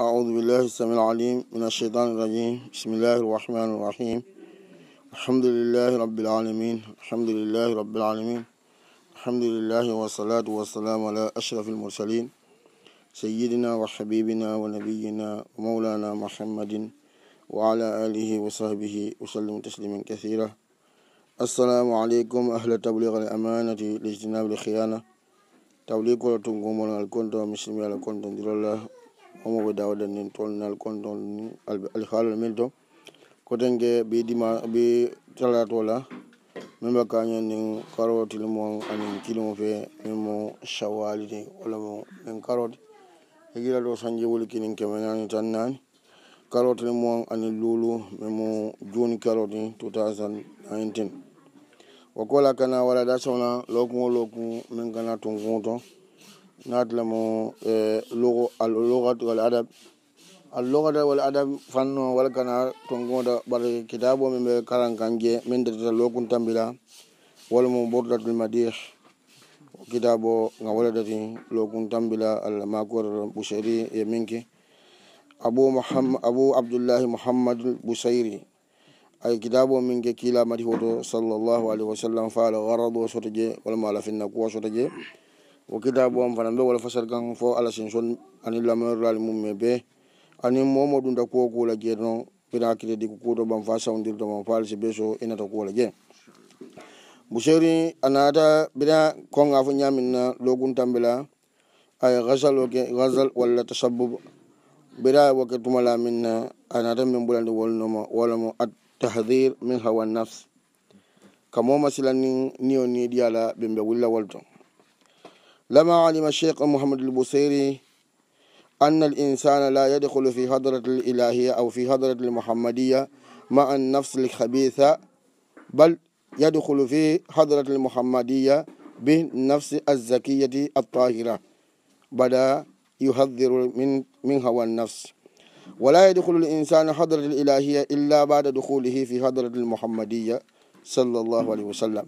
أعوذ بالله السميع العليم من الشيطان الرجيم بسم الله الرحمن الرحيم الحمد لله رب العالمين الحمد لله رب العالمين الحمد لله والصلاة والسلام على أشرف المرسلين سيدنا وحبيبنا ونبينا ومولانا محمد وعلى آله وصحبه وسلم تسليما كثيرا السلام عليكم أهل تبليغ الأمانة لاجتناب الخيانة تبليغ ولا كنتم مسلمين ولا كنتم الله homo ɓe dawda nin tolnal kon ton ni alhaalal min to kotenge ɓe ɗima ɓe talatola min mba kañanin carotel mon anin kilimo fe min mo sawalini walla mo min carote e gila ɗo sañje woli kinin kemenani tan nani carotel mon anin lulu min mo juni carote 2019 wa kola kana wala da sawna lokungo lokungu min gana tunguto naatla mo e, logo al logatu al adab al logata wal adab fanno wal kana tongoda bar kitabo min be karan kanje min dedata lokun tambila wal mo bordat bil madih kitabo nga wala dati lokun tambila al makor bushairi e minki abu muhammad abu abdullah muhammad busairi ay kitabo min ke kila madihoto sallallahu alaihi wasallam faala garado sotaje wal mala finna ko sotaje wo kitabu an fana be wala fasar gan fo ala sinson ani lamerral mumme be ani momo ɗum da kuwo kuwola je non pina kiredi ko kuto ban fa sawdirto ban fa alisi be so inata kuwola je busheri anata bina konga fo ñamina logun tambela ay gasal oke gasal walla tasabub bira woke tuma lamina anata min bulandi wolnoma wolamo atahdir min hawa nafs kamoma silanni niyo ni ɗiyala ɓemɓe wulla wol ton لما علم الشيخ محمد البصيري أن الإنسان لا يدخل في حضرة الإلهية أو في حضرة المحمدية مع النفس الخبيثة بل يدخل في حضرة المحمدية بالنفس الزكية الطاهرة بدأ يحذر من من هوى النفس ولا يدخل الإنسان حضرة الإلهية إلا بعد دخوله في حضرة المحمدية صلى الله عليه وسلم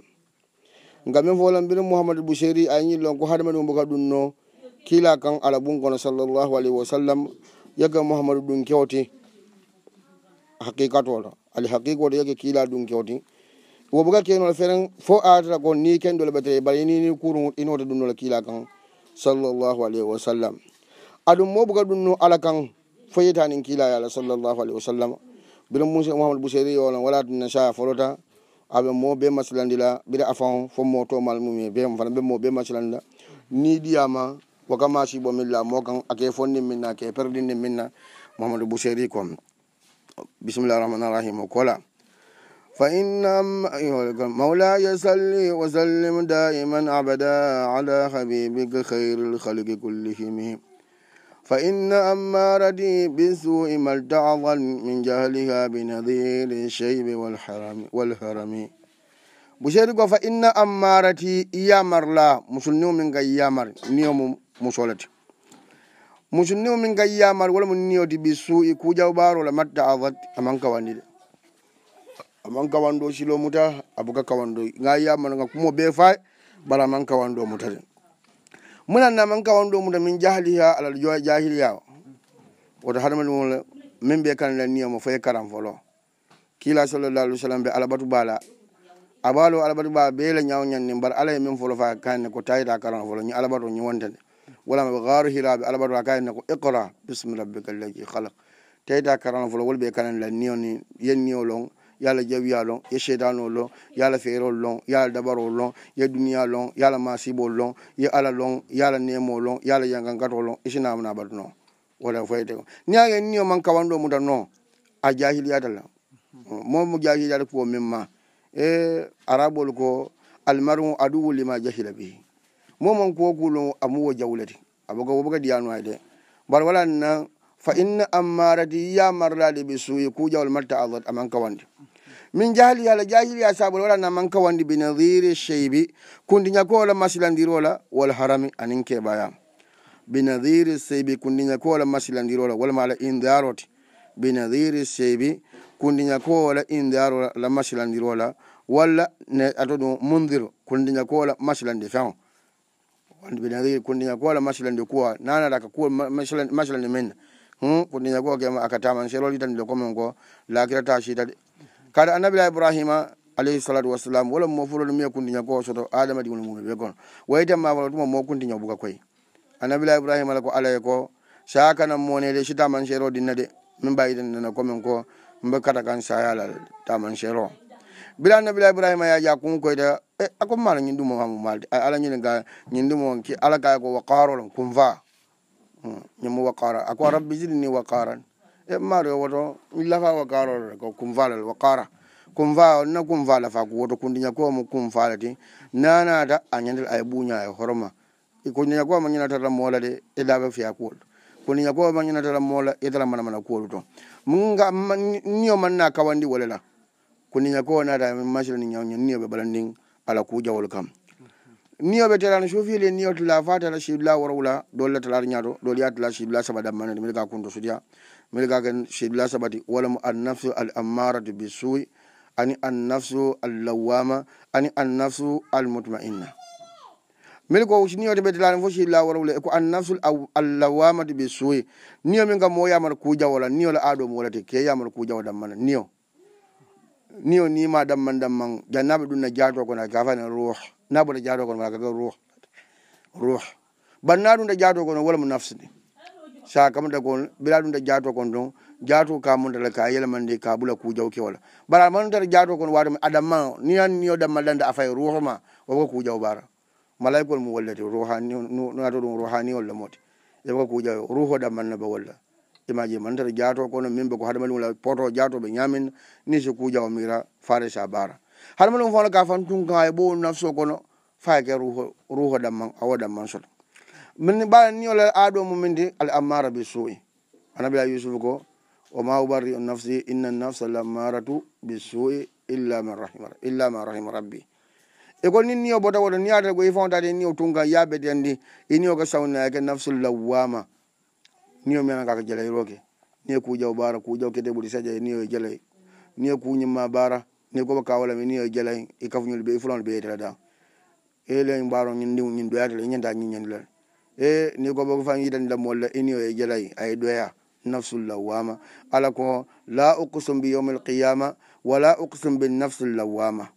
ngam min folanmbino mouhamadou bouchéri a yiñillon ko haade men ɗum mbo ka ɗum no kiila kan ala ɓum kono sallllahu alayhi wa sallam yagga mouhamadou ɗum kewti haqiqatoɗo ali haqiqoto yagga kiila ɗum kewti wobo ga kenol feren fo atata ko ni kendole ɓetere bara inini kour inota ɗum nola kiila kan sallllahu alayhi wa sallam aɗum mo boga ɗum no ala kan foyitanin kiilaye ala sallllahu alayhi wa sallam bino mousé mouhamadou bouchéri yolon wala tu nasaya folota abe mo be masilandi la ɓeɗa afon fo mo mal mumi be mo fana be mo be masilandi la ni ɗiyama wakama siɓo bo milla mo kan ake fonni minna ke ake minna min na kom bismillahir rahmanir rahim o kola فإن مولاي صل وسلم دائما أبدا على حبيبك خير الخلق كلهم فإن أمار دي بسوء ملتعظا من جهلها بنذير الشيب والحرم بشيرك فإن أمارتي يامر لا مسلني من غير يامر نيوم مسولت مسلني من غير يامر ولم نيو دي بسوء كوجاو بارو لما تعظت أمان كواني دي أمان كواندو شلو متا أبوكا كواندو غير يامر نغا كمو بيفاي بلا أمان كواندو متا دي minannama gawan ɗo muda min jahli ha alaɗa joya jahilya o woto haɗamaɗumole min mbiye kane nden niyamo foye karan folo kila sallallah alih w sallam ɓe alabatu bala abalo alabatu bala beele ñawñande mbaɗa alaye min folo fa kanne ko tayita karan folo ñi alabato ñi wontede walama ɓe garu hiraɓe alabatu a kanne ko iqra bismi rabbika llahi halak tayita karan folo wolɓe kanen lan niyo ni yen niyo long yala jawiya lon ye sedano lon yala feerol lon yala dabaro lon ye duniya lon yala masibol lon ye ala lon yala nemo lon yala yangangato lon isinamana bat non wala foyete ni age nio man kawanɗo muta non a jahiliyatala momo jahiliyata hmm. kuo min ma e arabol ko almaru aduwu lima jahila bi momon kuo kulo amuwo jawlete aboga wobga diyanoy de bar wala nan fa inna ammarade yiya marlade ɓe suyi kujawol marta adot amanka wande min jahli hala jahiliya sabol waɗan amanka wande binadire cheybi kundiña ko wala masilandirola wal harami anin keɓaya binadire seybi kundiña ko wala masilandirola walamala indarote binadire seybi kundiña ko wala indarola la masilandirola walla ne ato ɗum mundiro kundiña ko wala masilande fewo binadire kundiña ko wala masilande kuwa nanaɗa ka kuwa masilande menna Hmm? kadi annabila ibrahima alayhi salatu wasalam wolam mo fulo ɗum wiya kundiñago soto adama ɗi wolmum wegon woytanma wala ɗuma mo kundiñaw buga koye annabila ibrahima ala ko alaye ko sakanam monede si tamanchére o dinna de min mbayidannana komin ko mbe kata kan sayalal tamanchére o bila annabila ibrahima yaji e, a kun koyta e akomaɗa ñin ɗumo hamu malde alañinga ñin ɗumo ki ala kaye ko wa qarolam kum va ñomo hmm. hmm. wakara ako rabbi ni wakaran e mario woto mi lafa wakarore ko kumfalal wakara kumfa na kumfa fa ko woto kundiña ko mo kumfala ti nana a ñandel ay buña e horoma kundiña ko ma ñinatata mola de e daɓe fiya kuol kundiña ko ma ñinatata mola e mana mana kuolu to munga niyo man na kawandi wala la kundiña ko nata masila ni ñawña ni ɓe balanding ala kujawol kam niyoɓe telano sofile niyo tula fa tala sidula warawla dolla talaa ñaato dol ya tala sidula sabat ammanati mbiɗa ka kunto sutiya mbiɗa ka ken sidula sabati walamo annafsu al ammaratu bi suwi ani annafsu al lawama ani annafsu al mutmainna mbiɗa ko niyote ɓe telano fo sidula warawla e ko annafsu al lawamatu bi suwi niyo min kam mo yamata kujawola niyola aɗo mo wolate ke yamata kujawo dammana niyo ni o nima damman damman jannaɓe dun na jaato kono ka fane ruh naɓoɗa jaato kono kaga ruh ruh banna ɗum da ko na wala mo nafsidi sa da ko bila dun da jaato ko ɗon jaato ka mundala ka yelemande ka ɓula kujaw kewola bara manutata jaato kono waɗum adamma ni an ni o dammal danda afaye ruhu ma woko kujaw bara malaykol mu wallete ruhani nato ɗum ruhani wala moti ɓe ko kujaw ruho na ba wala. imaji man tata jaato kono mimɓe ko haɗamaɗum wala poto jaato ɓe ñamin ni so kuja o mira fare sa bara haɗama ɗum fono ka fan tunka e ɓowu nafso kono fayake ruho ruho ɗamman awa ɗamman sota min ɓaɗa ni ola aɗo mumin de al ammara bi sui anabi a yusuf ko o ma ubarri o nafsi inna nafsa lammaratu bi sui illa man rahima illa man rahima rabbi e ko nin ni o bota woto ni ata ko i fontade ni o tunka yaɓete ndi ini o ka sawnake nafsu lawama niyo mi anaka ko jeley roke niye kujaw baara kujaw kete ɓuuri sadjae niyo e jeley niye kuñimma baara ni koɓa kawolami niyo e jeley e kafuñol ɓe e fulan ɓe yetele da e le mbaro ñin doyatele e ñanta ñiñandilal e ni koɓa fam yitani lamolla e niyo e jeley ay doya nafsul lawama ala ko la uqsum bi yawmi alqiyama wala uqsum bi nafsul lawama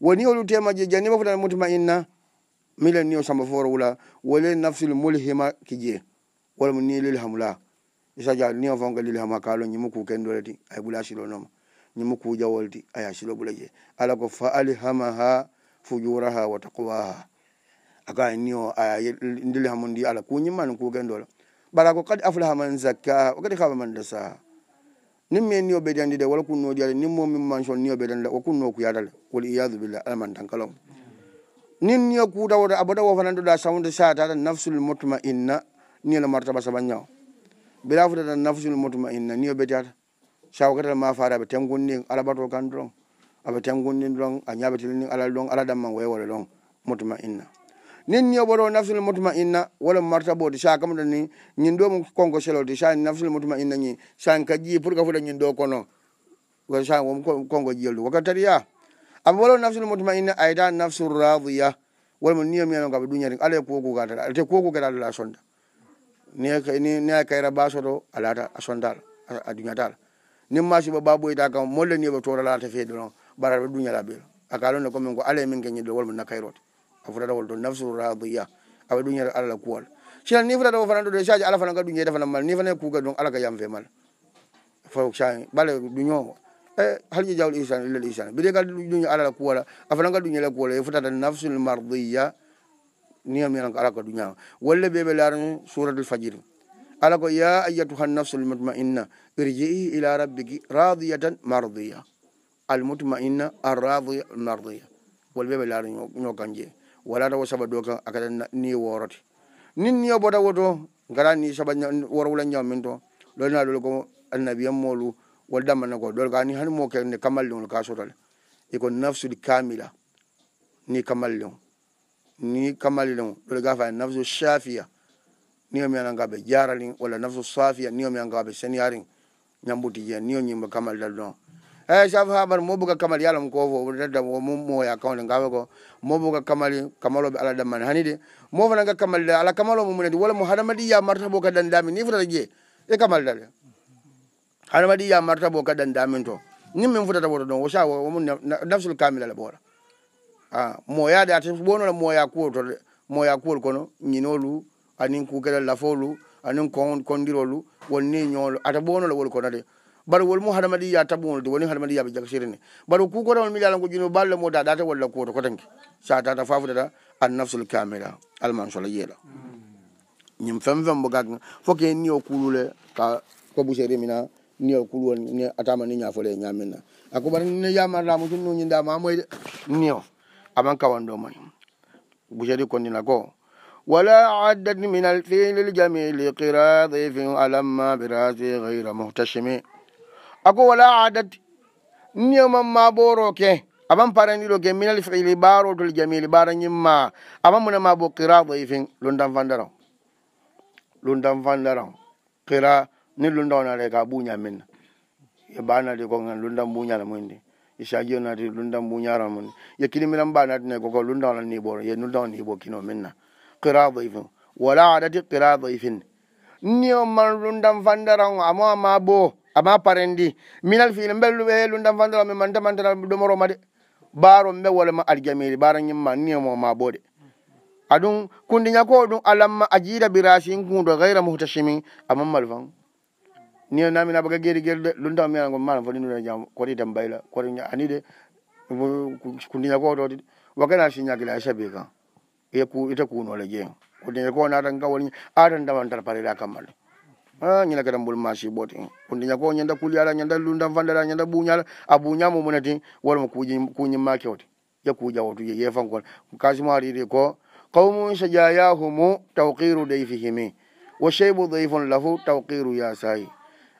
woni olu temaje janima fotan mutima inna milen niyo samba foro wula wole nafsul mulhima kijee walamu ni lilhamula isaja niwa fonga lilhama kalo ñimu ku kendoleti ay bula silonoma ñimu ku jawolti aya silo bula je ala ko fa alhamaha fujuraha wa taqwaha aka niwo aya ndilhamu ndi ala ku ñimmani ku kendola bara ko kad aflaha man zakkaha wa kad khaba man dasaha nim me niwo bedandi de wala kunno diale nim mo min mansion niwo bedandi de wa kunno ku yadala wal iyadu billah ala man tankalom nin niwo ku dawoda abada wo fanando da sawnde sa tata nafsul mutma'inna niyola martaba saba ñaw bila futata nafsul mutma inna niyo betiyata sawkatal ma fara aɓe tengunni alabato kan dron aɓe tengunni dron a ñaɓetilni alal don ala damman wayewole don mutma inna nin niyo ɓoto nafsul mutma inna wolo martaboti sakamta ni ñin ɗo konko seloti sa nafsul mutma inna ñi san kajji pour ka futa ñin ɗo kono sa konko jeldu woka tariya aɓe wolo nafsul mutma inna ayta nafsu radiya wolmo niyo miyano kaɓe duñati ala kokukatata ate kokukatadala sonda ni a kayra baso to alata a sondala a duñatala nin ma siɓa ba ɓoyta kam molle ni ɓe tora lata feede non baraɓe duñala ɓeelo aka londe comme min ko alay min keñiɗo wolmo na kayrote e a futata wol to nafsur radia aɓe duñata alala kuwal sinan ni futata o fanando de saji ala fana ga duñe defana mala ni fana e kuga don ala ka yam fe mala fo sa bale duño e halji jawl isan illa isan bide ga duñu ala kuwala afana ga duñe la kuwala e futata nafsul mardiya niyam yalan ala ka duñaa walla ɓeɓe laranu suratul fajir ala ko ya ayatuha nafsu almutmainna irjii ila rabbiki radiyatan mardiya almutmainna arradiya mardiya walla ɓeɓe laara ño kanje wala tawo saba do kan akata ni worote nin niyo bota woto ngara ni saba worwula ñaw min to lolna lol ko annabiyam molu wal damana ko dol ka ni hani mo kerne kamal lewol ka sotale eko nafsul kamila ni kamal lewol ni kamalilen ɗole ga fay e nafsu shafia niyo mian ga ɓe jaralin walla nafsu safia niyo mian ga ɓe seniyarin ñambuti jee niyo ñimba kamal dal ɗon eyi chaf habar mo buga kamal yalam ko fo dadamu moya kawde gawa ko mo buga kamali kamaloɓe ala dammani hani de mo fananga kamal da ala kamalo mumunede walla mo haɗamaɗiya martabo ka dandamin ni fotata jee e kamal dal e. haɗamaɗiya martabo ka dandamin to nin min futata woto ɗon wo sa womu nafsul kamilala ɓoora a ah, moyade ate ɓonola moya kuwol to de moya kuwol kono ñinolu anin kukeɗa lafolu anin kondirolu wonni ñoolo ata ɓonola wol kono de bara wol mu haɗama ɗi ya taɓuol de woni haɗama ɗi yaɓe jagasiri ni bara kukotamol mi yalanko jino ballo mo daɗata walla kuwoto kotanke satata fafudata annafsul camila almansola yeela ñim fen fen bo gaga foke niyo kulule ka kobusere mina niyo kuluwol ni atamani ñafole ñamin na a koɓara ne yamanramu sunnuñinda mamoyde niyo aman kawanɗo man gusari konnina ko wala addat min alfiili ljamili kiradifin alamma birasi gayra muhtashimi ako wala addat niyoman maɓoroke aman paraniɗo ge min alfiili ɓarotol jamili ɓaranyimma aman muna mabo kiradifin lundan fandara lundan fandara kira ni lundaonareka ɓuñamin ye banadi ko lundan ɓuñala mundi isaji nati lundan buñaramu yekini minan ba natine koko lundaa nibo ye lundaa nibo kino minna kira daifin wala adati kira daifin nio man lundan fandaran amo ama bo ama parendi minal fi mbe lu be lundan fandaran me manta manta do moro made baro me wala ma aljamiri baro nyimma nio ma bo de adun kundinya ko dun alamma ajira birashin kundo ghaira muhtashimin amma malvan ni o namina ɓaga gueri guer de lun tama mbiyana ko mana fo ɗinɗuɗe jam kodi dem bayla kodi ani de kundiña ko toti wakena siñakila sabi kan ita kunole jee kundiña ko natan kawol adan damantar parira kammale ñina kadam bol masi boti kundiña ko ñanda kuliyala ñanda lundan fandala ñanda buñala a buñamo munati walma kuji kuñimma kewte ye kujawotu ye yefankol kasimoariri ko qawmu sajayahumu tawqiru dayfihimi wa cheybu dayfun lahu tawqiru yasayi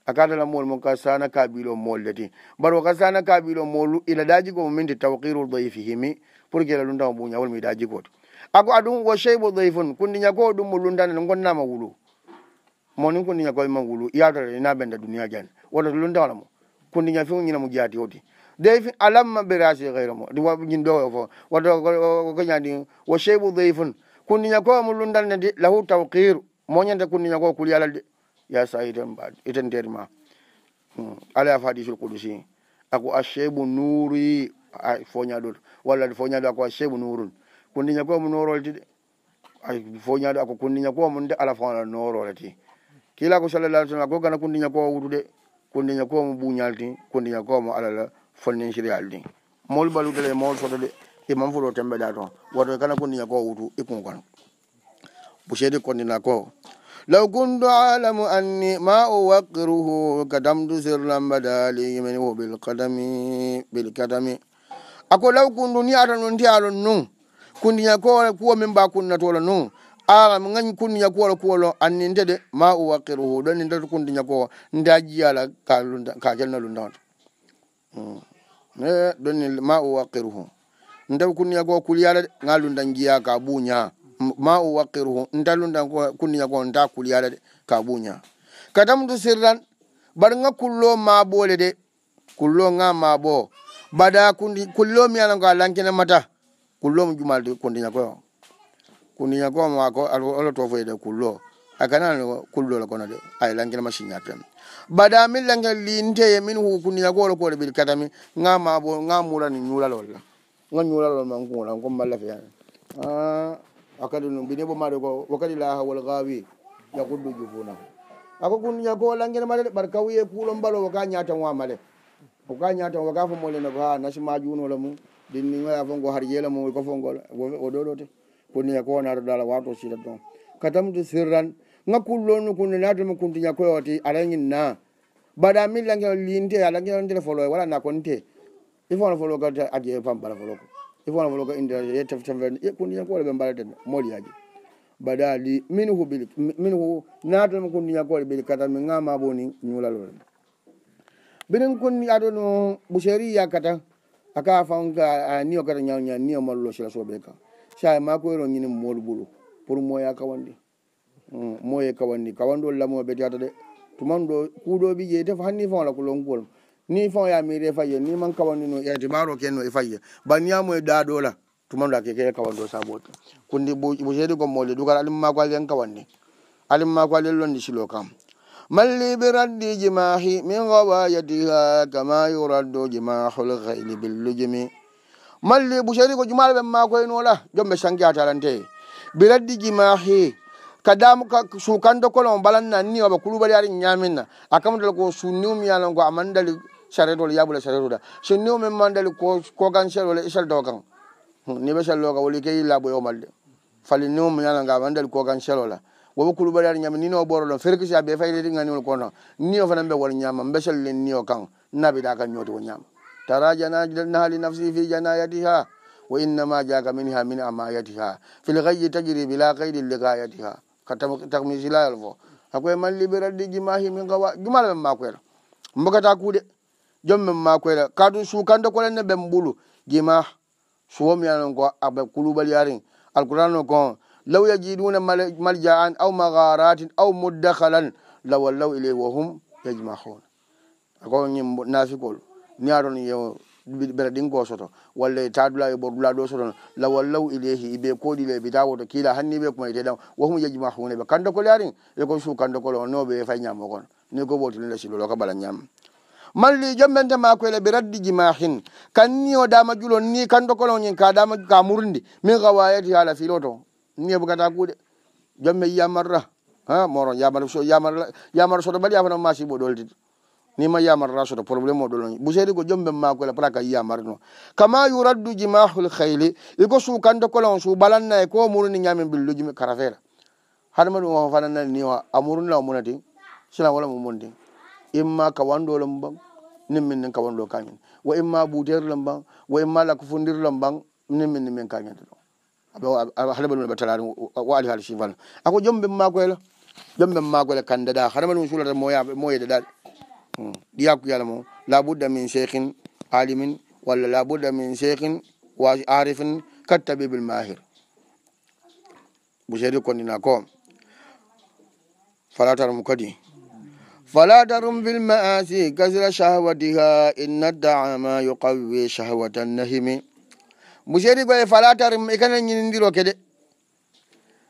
akatala mool mo ka sana kabilo molle ti bar waka sana kabilo mollu ila dajigo mo minde tawkiru daifi himi pour que ila lundama buñawol mi dajigoto ako aɗum wo cheybo daifun kundiñako ɗum mo lundana no gonnama wulu moni kundiñakoyma wulu yadoenaɓenda dunia jan wala lundana mo kundiña fi ñinamo jaati oti daifi alamma be rasi hayre mo ɗin ɗo fo wadkoñadi wo cheybo daifun kundiñakoyemo lundanne di lahu tawkir moñande kundiñako kulyalal de yasa iten derma hmm, ala fadisul kudusi ako asheibu nuri foñaɗol walla foñaɗo ako asheibu nurun kundiña ko mo norolti de foñaɗo ako kundiña ko mo de ala fola norolati kila ko sallalah alih sallam ko gana kundiña ko wutude kundiña ko mo ɓuñalti kundiña ko mo alala fonnin sirial di mol baludele mol sotode i mam fuɗo tembeɗa toon wato kana kundiña ko wutu i kunkon bo seedi kondina ko law gundu alamu anni ma uwakiruhu ka damdu sirlambadali minhu bilkadami bilkadami ako law gundu ni ata non ndiyalo nun kundiña kowola kuwo min mba kunnatola nun alam gañ kundiña kuwola kuwolo anni ndede ma uwakiruhu ɗon ni ndeto kundiña kowo nda jiyala ka jelna lundaato mm. e ɗon ni ma uwakiruhu ndeɓe kundiña kowo kulyala de ga lundan jiya ka buña ma uwakkiruhu ndallundan ko kunniyagon nda kuliyala de ka buña kadamdu sirran baɗga kullo maɓole de kullo ga maɓo baɗa kullo miyanago a lankina mata kullomu jumal de kundiñagoyo kundiñagomako alotofoye de kullo a kanani kullo la kono de aye lankinama siñapem baɗa min lanke linteye min hu kundiñagolo kore ɓiɗ katami ga maɓo ga murani ñuralol la ga ñuralol mankuola ko mballafeyani ah. akadi no mbine ɓomaɗe ko wakadi lahawol gawi yakuddu jufuna ako kun ñako langene male de ɓara kawye kuulon mbalo woka ñatan wa male woka ñatan woka fomole no ko ha nasima junola mum ɗinnigoya fon go har yeela mum ko fongol o ɗoɗote kunni ñako wonaro dala wato sida ton katamde sirran ga kulloni kun natuma kunti ñakoyoti arangin na baɗa min langeo linte alangeo ndere folo wala nakonte ifono folo kata adie fam bala folo ko ifonofonoka indira yettetaverneyekundiyankore ɓe mbaɗaten moɗiyaji mbaɗaɗi min hu ɓili min hu natanmi kundiyankore ɓili kata min gama boni ñulalore binin kundi adono ɓuseriya kata aka fanka a niyo kata ñawña niyo mallulo silasoɓe ka saye ma koyero ñini moolu ɓulu pour moya kawandi mm, moye kawandi kawandi o lamoɓe tiyata de tuman ɗo kuuɗoɓi jeyi tefa hanni fawla ko lonkuwol ni fon ya mi re faye ni man kawani no ya di maro ken no e faye ba ni amu e da dola to man da ke ke kawan do sa boto kundi bo bo jeri gom mole du garal ma ko alen kawanni alim ma ko alen lon di silo kam malli bi raddi jimahi min gawa yadiha kama yuraddu jimahul ghaili bil lujmi malli bu jeri ko jumal be ma ko en wala jombe shangi atalante bi raddi jimahi kadamu ka sukando kolon balan nan ni wa kulubari ari nyamina akamdal ko sunniumi yalan ko amandali charretole yaɓule charretuda sinni omin mandali kogan e chelole echel hm, dogan niɓe chel loga woli ke yillaɓo yomalde fali ni omi ñalanga mandali kogan chelola wobe kuluɓaɗe ani ñama ni no ɓoro ɗon ferki sa ɓe fayiɗeɗi ganiol kono nio fana ɓe won ñama ɓe chellen nio kan naɓiɗa kan ñooti o ñama tara jana nahali nafsi fi janayati ha wa innama jaga min ha min amayati ha fil gayi tajri bila kaydi ligayati ha ka takmisilayol fo akoye man liberal ɗi jumahi min kawa jumala ɓe makoyeta mbokata kuuɗe jommen makoyla kadum sukande kolenne ɓen ɓulu gima suwomiyano ko aɓe kulubaliyarin alqurano kon law yajiduna malja an aw magaratin aw muddahalan lawallaw ilay wahum yajmahun akoyim nafikol ni aɗon yo ɓere ɗinko soto walla taɗulaɓe ɓorɗula ɗo soton lawallaw ilayhi ɓe koɗile bita woto kiila hanni ɓe kumayteɗam wahum yajmahuneɓe kandekol yarin eko su kandekol o noɓe fay ñamokon ni ko ɓotinelesilolo ka ɓala ñam malli jombente mako ele ɓe raddi ji ma hin kan ni o dama julon ni kan dokoloñin ka dama ka murdi min kawayati haala filo to ni e bugata kuuɗe jomme yiyamarra ha moron yamar so yamar yamar soto bali afana ma sibo dolti ni ma yamar raso to probleme o dolon buseri ko jombe ma ko e la praka yamar no kama yuraddu jimahul khayli e ko su kando kolon su balanna e ko mun ni nyamen billu jimi karafera hadama dum o fanana ni wa amurna o munati sina wala mo mondi in ma ka wandolen ban nin min nin ka wando wa in kañen wo imma ɓuterlen ban wo imma lakkufundirlen ban nin min nin min kañente to abaw mum ɓe talani wo ali hal sivan ako jombe jombe ma ma ko ko ɓen kanda da ɓen makoyla kandaɗa moya mum sulata moyaɓe moyedeɗaɗe hmm, ɗiyakuyala mo labudda min shaykhin alimin walla labudda min shaykhin wa arifin kattabibil mahir busheri kondina ko falatar mu kadi fala darum fil maasi kasira sahawatiha inna daama yuqawwi sahawata nahimi museeri goye fala tarum e kana ñinindiro ke de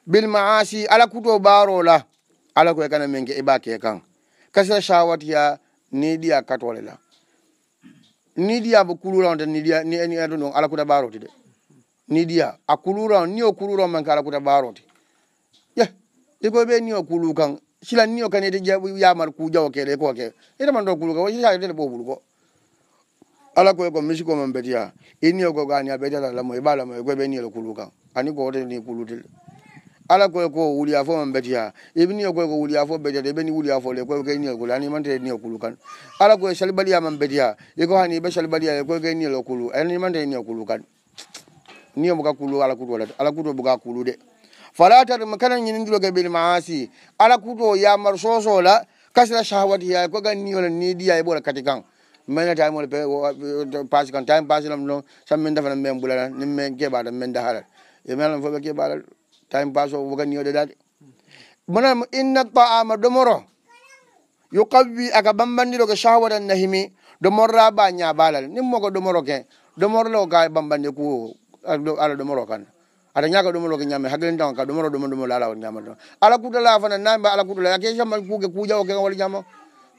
bil maasi ala kuto baarola ala koye kana menke e baake kan kasira sahawatiha ni ɗiya katole la ni ɗiya bo kuluraonte niɗiyaniaɗo ala kuta baarote de ni ɗiya a kuluraon ni o kuluraon manke ala kuta baarote ye ɗi koye ɓe ni o kulu kan silanni o kanete yamar ku jawokele koke ita mando kuluka wo sa tele bobulu ko ala ko e ko misiko man betiya ini o ko gani abeta la mo ibala e mo e ko beni lo kuluka ani ko tele ni kulute ala ko ko wuli afo man betiya ibni o ko ko wuli afo beja de beni wuli afo le ko ke ni o kulani man tele ni o kulukan ala ko shal baliya man betiya e ko hani be shal baliya ko ke ni lo kulu ani man tele ni o kulukan ni o buka kulu ala kutu ala kutu buka kulu de fala tar kana ñinidiro ga ɓel maasi ala kuto yamar soosola kasira sahawat hiya ko ganni wala ni diya e ɓora kati kan mena tam wala pe pas kan tam pas lam no sam men dafa men bulala ni men ke bada men da halal e men lam fobe ke bada tam pas o wogani o dadade mona inna ta'ama domoro yuqawwi aka bambandiro ke shahwat an nahimi domorra ba nya balal nim mo ko domoro ke domorlo ga bambande ku ala domoro kan aɗa ñaga ɗumolo ko ñame hakkillintan ka ɗumoro ɗumo ɗumo lala wat ñamatan ala kutala fana naɓe ala kutala ake jamma kuuge kuƴawo ken wala ñama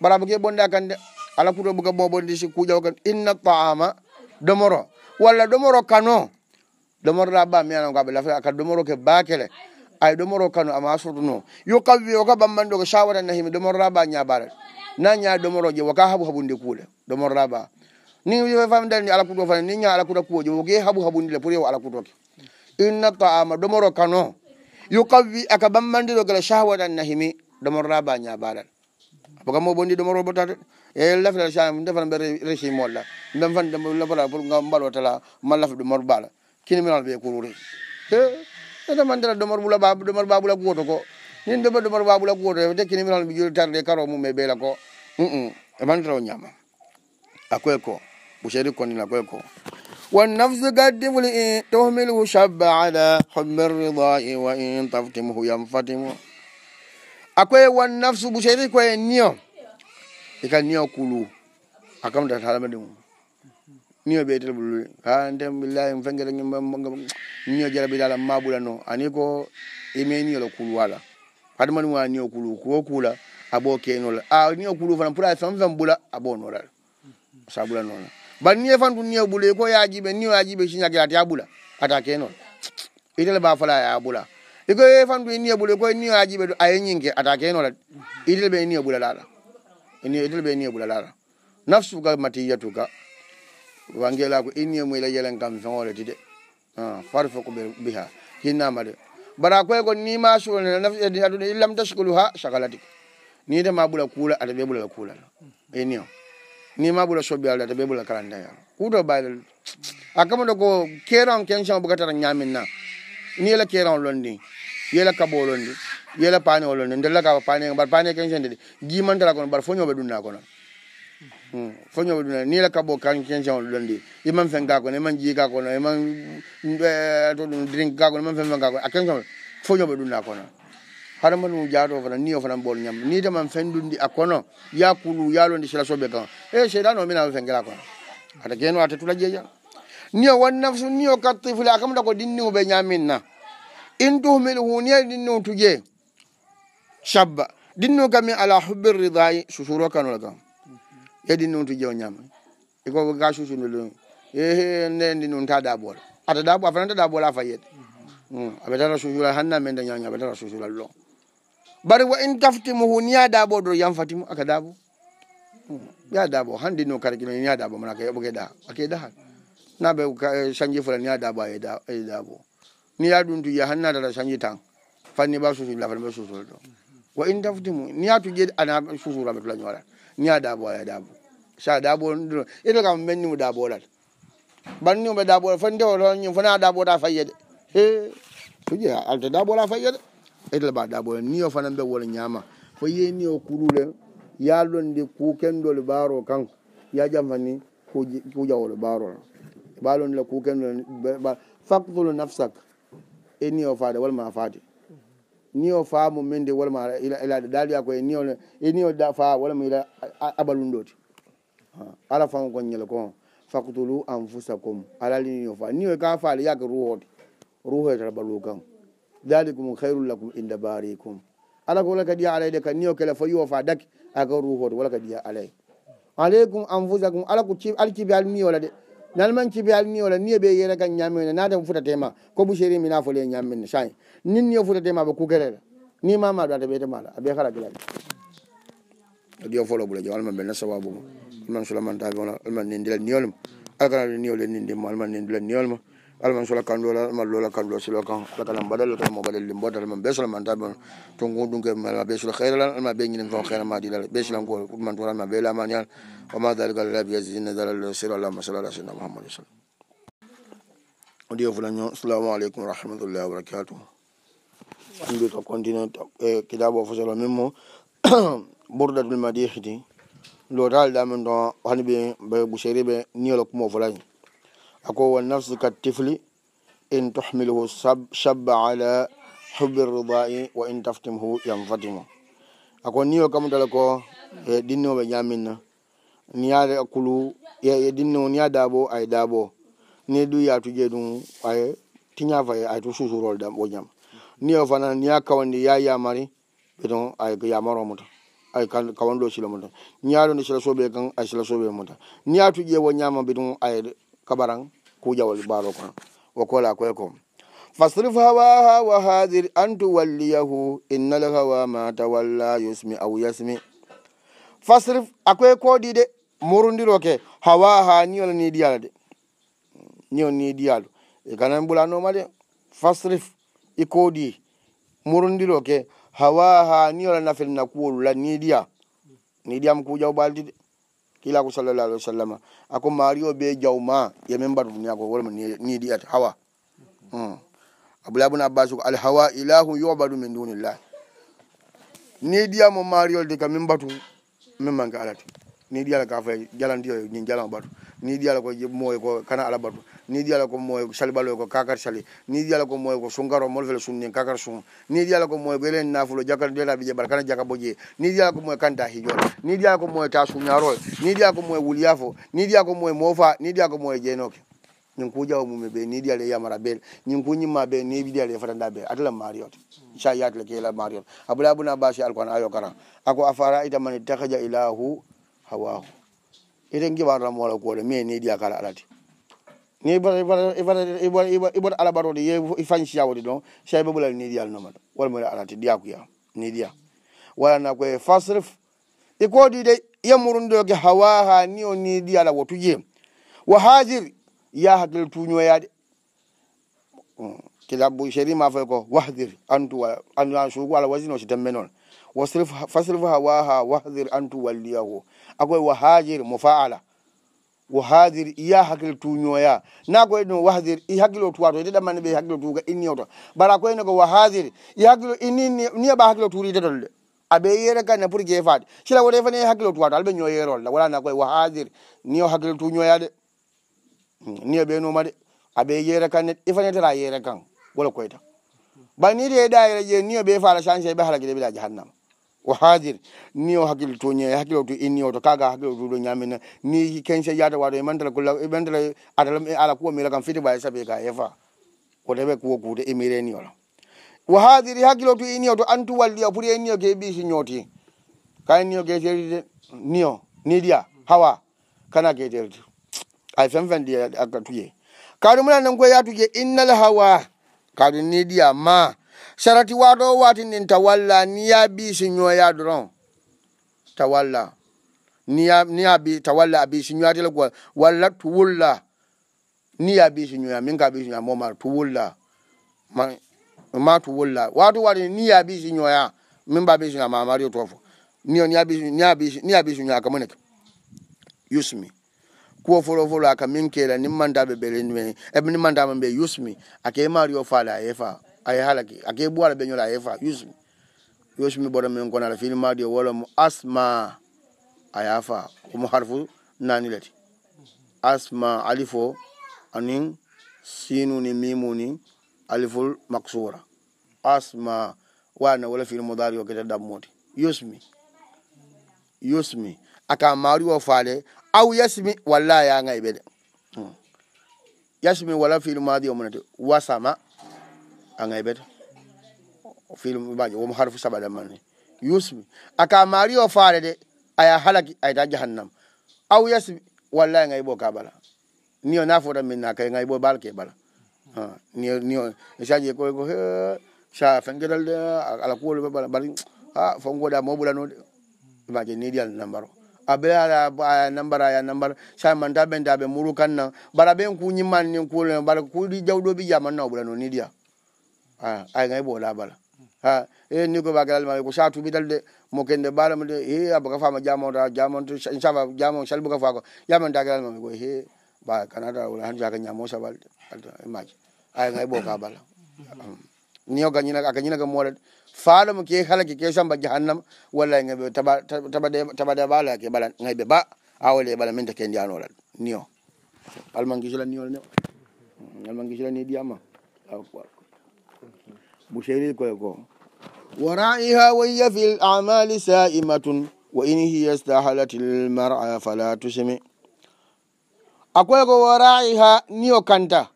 bara bo ke bonɗa kande ala kutal boka ɓoɓonde si kuƴawo kan inna taama ɗumoro walla ɗumoro kano ɗumoro ɗa ba miyanam ko aɓe lafi aka ɗumoro ke bakele ay ɗumoro kano ama sotuno yo kawwi o ka bammanɗo ko sawata nahimi ɗumoro ɗa ba ñabare na ña ɗumoro je woka haɓu haɓunde kuule ɗumoro ɗa ba ni famdani ala kuto fana ni ña ala kuta kuwojo woke haɓu haɓundile pour yo ala kutoke inna taama domoro kano yukawi aka bammandiro gala shahwatan nahimi domorra ba ñabaɗan apoka mo ɓondi domoro botade e lafla sham defan ɓe regimolla mbem fan lafla pour ga mbalotala ma laf domor baala kini minal ɓe kururi ete e mandira domor ɓula ba domor ba ɓula kuwoto ko nin ɗoɓe domor ba ɓula kuwoto e te kini minal mi juri tarde karo mum e ɓeyla ko mandira o ñama akoye ko ɓusheri konnin akoye ko والنفس قدم لإن تهمله شب على حب الرضا وإن تفتمه ينفتم أكوي والنفس بشري كوي نيو إكا نيو كلو أكام دا تعلم دي نيو بيتر بلوي كانتم بالله مفنجر نيو جرب دالا ما بولا نو أني كو إمي نيو لكلو على فاتما نيو نيو كلو كو كولا أبو كينو لأ نيو كلو فنان فلا فنفن بولا أبو نورا سابولا نورا ba niye fandu niye bulu ko ya jibe niye ya jibe shinya gati ya bula ata keno itel ba fala ya bula iko ye fandu niye bulu ko niye ya jibe ay nyinge ata keno la itel be niye bula lala ini itel be niye bula lala nafsu ga mati ya tuka wangela ko inye mu ila yelen kam fon wala tide ah farfa ko biha hinna male bara ko ko ni ma shul na nafsu adu illam tashkuluha shakalatik ni de ma bula kula ala be bula kula ini nima ɓuura soɓɓi alda to ɓe ɓuura karantaya kuuto baylel a kama ɗo ko keran kenson o ɓugatata ñamin na ni yela keran o londi yela kaɓo o londi yela pane o londi ndella kaa pane bar pane kenson ndede gimantara kono bar foñoɓe ɗumna kono hmm, foñoɓe ɗumna ni yela kaɓo kenson o londi iman fen ka kono iman jii ka kono iman eh, to ɗum drink ka kono iman fen fen ka kono a kenson foñoɓe ɗumna kono hara mani mu jaato fana ni o fana bol ñam ni de man fen dundi a kono ya kulu ya londi sila sobe kan e eh, sheda no mina fen gela ko ada gen wa tetula jeja ni o wan nafsu ni o katti fula kam da ko dinni o be ñamin na in tu mil hu ni dinni o tuje shabba dinno kami ala hubbir ridai susuro kan o kan e eh, dinni o tuje o ñam e ko ga susu no lo e eh, he ne dinni o ta da bol ada da bo fana da bol afa yet a hmm. ɓetata susula hannamen de ñaña a ɓetata susula lon bar wa in taftimu hu ni yada bo do yamfati mu aka dabo yada bo hande no kare kino ni yada bo mana ka yobo ke da ake da na be eh, sanje fulani yada bo ayi da bo ni yadun tu ya hanna da sanje tan fanni ba su su la fanni ba su su do wa in taftimu ni yatu je ana su su rabe tulani wala ni yada bo ayi da bo sha da bo ndo ido kam menni mu da bo dal ban ni mu da bo fande wala ni fana da bo da fayyade he tuje alta da bo la fayyade itala ba dabo ni yo fana be wol nyama fo ye ni kurule ya londe ku kendo le baro kan ya jamani ko ko jawol baro ba le ku kendo ba faqtul nafsak e ni o faade wal ma faade ni o wal ma ila ila dali ko o o da fa wal ma ila abalundoti ala nyel ko faqtulu anfusakum ala ni o ni o ka kan. dalikum hayrun lakum inda barikum ala ko walaka ɗiya alayde ka niyo kela fo yiwo fa dak aka ruhoto walaka ɗiya alay alaykum anfusakum ala ko al cibi al miyola de nalman cibi al miyola niyo ɓe yere kan ñamina nade mo futatema ko bouchéri mina fole ñamminne chan nin niyo futatema ɓe kukerere ni mama ɗo ata ɓeyte maɗa aɓe kala gila ɗiyo folo ɓule jo alma belna sababuma alman sulamantaɓe ona alma nindila niyolma alkanaɗo niyole nindinmo alma nindila niyolma alaman sola kan lola alaman lola kan lola sola kan alaka nan badal alaka nan mo badal limbo dal man besol man tabon ton ko dun ke ma be sola khair lan alma be nyin fon khair ma di dal be sola ko dun man tora ma be la manyal wa ma dal gal rabi yazin dal lola sola alaman sola sallallahu alaihi wasallam muhammad sallallahu alaihi wasallam odi ofu lan yo assalamu alaikum rahmatullahi wa barakatuh ndu to kontina e eh, kidabo fo sola memmo burdatul madihidi lo dal da men do hanbe be bu sheribe niolo kumo fulani akowa nafsuka tifli in tuhmilhu shabba ala hubbi ridai wa in taftimhu yanfatimu ako niyo kamtala ko e ɗinno ɓe ñaminna niyaade akulu e ɗinno niya daabo ay daabo ni du yatu je ɗum ay tiña faye ay tu susurol da o ñam niyo fana niya kawandi ya yamari ɓeton ay yamaro muta ay kawandi ɗo sila muta niyaɗo ndi sila soɓe kan ay sila soɓe muta niyatu ƴewo ñama ɓeton ay kabaran kujawol baro kon o kola koye ko fasrif hawaha wa hadir an tuwalliyahu innal hawa ma tawalla yusmi aw yasmi fasrif akoye koɗi de murodiro ke hawaha niyol ni diyala de niyol ni diyalu e ganan bulanoma de fasrif i koɗi murodiro ke hawaha niyola nafel na kuwolula ni diya ni diyam kujaw baldi de kilako sallallah alih wa sallama ako mario be jawma yamin mbar duniyako wolma ni ɗiyat hawa hmm. abdulahbin abbas ko alhawa ilahu yobadu min dunillah ni diyamo mariol de kam min batu min manke alati ni ɗiyala ka fay jalandiyo ñin jalamo batu ni ɗiyala ko mooy ko kana alabatu ni ɗiyala ko mooy sali baloy ko kakar sali ni ɗiyala ko mooy ko sungaro mol fele sunni kakar sun ni ɗiyala ko mooy ko elen nafulo jakkar ndeɗaɓe jeɓal kana jaka bo jeey ni ɗiyala ko mooy kanta hijoore ni ɗiyala ko mooy ta suñaroyo ni ɗiya ko mooy wuliyafo ni ɗiya ko mooy mofa ni ɗiya ko mooy jeynoke min ku jawa mum e ɓe ni ɗiyale yamara ɓeele min ku ñimma ɓe ni ɓiɗiyale fatanda ɓe atala mariote sa yatale keela mariote abulabuna basi alkoan ayo karan ako afara itamani takaja ilahu hawahu iten kiɓatam wala kuwoɗe mi e dia kala alati ni iɓota alaɓatoɗe ye don siyawoɗe ɗon sayɓe ɓulal niiɗiyal nomaɗa wala mbaɗa alati dia ni dia wala na koye fasrif i koodi de yamurundoke hawaha ni o niiɗiyala wotuje wa hajir yahatel tuñoyade mm, kitabu sheri ma fay ko wahdir antu an suugu ala wasino si tembe noon wasrif fasrif hawaha wahdir antu walliyahu akoye wahadir mo faala wahadir iya hakkille tuñoya na koye ɗum wahadir i hakkilo tuwato ide ɗamanne ɓe hakkilo tuga inniyoto bara koyne ko wahadir i hakkilo inniniyaɓa hakkilo turidetolle aɓe yere kanne pour jefade sila wote fane hakkilo tuwato alaɓe ñoyerolla wala na koye wahadir niyo hakkille tuñoya de hmm, niyo ɓenuma de aɓe yere kanne ifane tara yere kan wala koyta ba ni de ɗayere je niyo ɓe faala changé ɓe halakide ɓeɗa jahannama ko haadir ni o hakkille to ñeeye hakkille o to inni o to kaga hakkille o tuɗo ñamina ni kense yaada waɗo e mantala kolla e mantala adalam e ala kuwa mila kam fiti ɓaye saabi ga yefa ko tawe kuwo kuuta emire ni ola o haadiri e hakkille o to inni o to antu walliya pour e nio ke ɓiisi ñooti kay nio ke terite nio niɗiya hawa kana ke terite ay fen fen ɗiya akka tuye kaadi mona nan koye yatuje innal hawa kaadi niɗiya ma sarati waato o waati nin tawalla n'i y'a bi siɲɔya dɔrɔn tawalla n'i y'a n'i y'a bi tawalla a bi siɲɔya tɛ la kuwa wala tuwola n'i y'a bi siɲɔya min k'a bi siɲɔya mɔ ma tuwola ma ma tuwola waati waati n'i y'a bi siɲɔya min b'a bi siɲɔya ma amadu y'o tɔ fɔ n'i y'a bi n'i y'a bi n'i y'a bi a ka mun de kɛ yusumi. kuwo folofolo a ka min kela ni manda be bele ni ni manda be yusmi a ke mari yo fala e fa aye haalake ake ɓwala ɓeñol aye fa yusmi yusmi ɓoto min gonala filmadio wolo mo asma aya fa omo harfu nanilati asma alifo anin sinuni mimuni alifol maksura asma wana wala fil mudario kete ɗammuti yusmi yusmi aka mari o faale aw yasmi walla yangay ɓede hmm. yasmi wala fil madio monete wasama aŋayiɓeto film baje wom harfu sabaɗan manni yusmi aka maari o faare de aya halaki ayita jahannam aw yasmi wallahi ŋayiɓo ka bala niyo nafota min na kay ŋayiɓo bal ke bala niyo niyo e saji e koko he sa fenketal de alakuwolu ɓe bala bari a fonkoda mo ɓulano de baje nidiyal nambaro abe aya nambara aya nambara sa manta ɓenta ɓe muru kan na bara ɓen ku ñimman ni kuol bara kuɗi jawɗo ɓi jamanna o ɓulano nidiya ay gay ɓo laɓala ha ei ni ko wagal ma ko satu bi dalde mo kende bala mo de he abaka fama jamonta jamonta inshallah jamon sal buka fako yaman dagal ma ko he ba kanada wala han jaka nyamo sabal imaji ay gay ɓo kabala hmm. ni o ganyina ka ganyina ka molad faalo mo ke halake ke samba jahannam walla ngay be taba taba de taba de bala ke bala ngay be ba awole bala min ta ken diano lad ni o almangi jula ni o ni hmm, almangi jula ni diama akbar bushairi koye go wa raiha waya fi lamali saimatun wa in hiya stahalat lmara fala tusimi akoye go wa raiha niyo kanta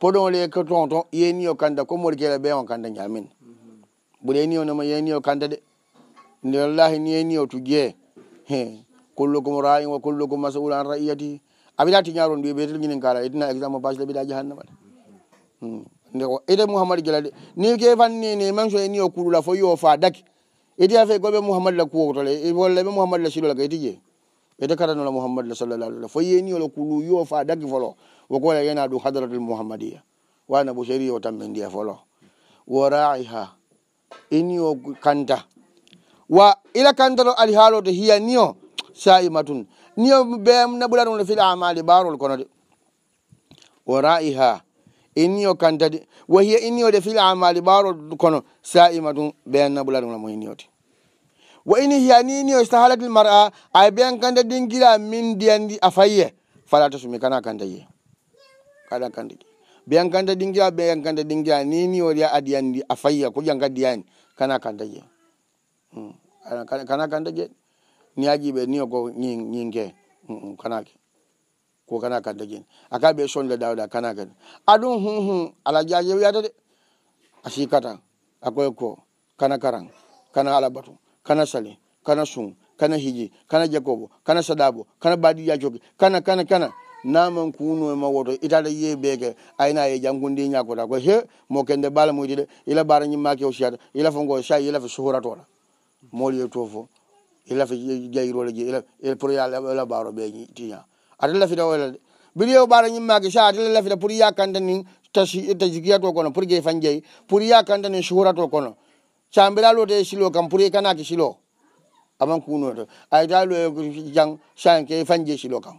podonle ke tonto ye niyo kanta ko mori kela ɓewo kanta ñamin ɓure niyo nama ye niyo kanta de ndewallahi niye niyo tu jee kullukum rain wa kullukum masulan raiyati abida tiñaron ɓi ɓetel ñinin kala itina exemple pagele ɓiɗa jahannama de hmm. ndego ede mouhamadou guila de ni ke fannini manso e ni o kuɗula fo yo fadaki idi a fe goɓe mouhamadou la kuwotole e wolla ɓe mouhamadou la sidola ka idi je ede karanola mouhamadou la sallallah alah fo yeniola kulu yo fadaki folo wokola yena ɗu hadratul mouhamadia wana bosari yo tambe ndiya folo wo raiha ini e o kanta wa ila kantato alihaalo to hiya niyo saima tun niyo ɓem na ɓuraɗum no fil amali barol kono de wo raiha inniyo kantadi wa hiya de fil amali baro kono sa'ima ɗum ɓen naɓula mo lamo inniyode wa ini hiya ni inniyo sahalatil mar'a ay ɓen kanta ɗingira min ndiyandi a fala to sumi kana kanta ye kaɗa kanta ɓen kanta ɗingira ɓen ni ɗingira niniyode adiyandi a fayya ko janga diyani kana kanta ye kana kanta je ni ajiɓe niyo ko kana kanake ko kana kanta jen aka be sonde dawda kana kan adun hun hun ala jaje wi adade asi kata akoy ko kana karang kana ala batu kana sali kana sun kana hiji kana jakobo kana sadabo kana badi ya jogi kana kana kana naman kunu ma woto itada ye beke ayna ye jangundi nya ko da ko he mo kende bala mo jide ila bara nyi make o shiata ila fongo sha ila fe suhura to la mo li tofo ila fe jeyro le je ila pour ya la baro be ti nya aɗa lafita oylade biɗiyo ɓaɗa ñimmaki sa aɗala lafita pour yakkanta ni tajigiyato kono pour gey fanjeyi pour yakkanta ni suhurato kono sa mbiɗa lote e silo kam pour kanaki silo aman kunoto ayta jang sanke fanje silo kam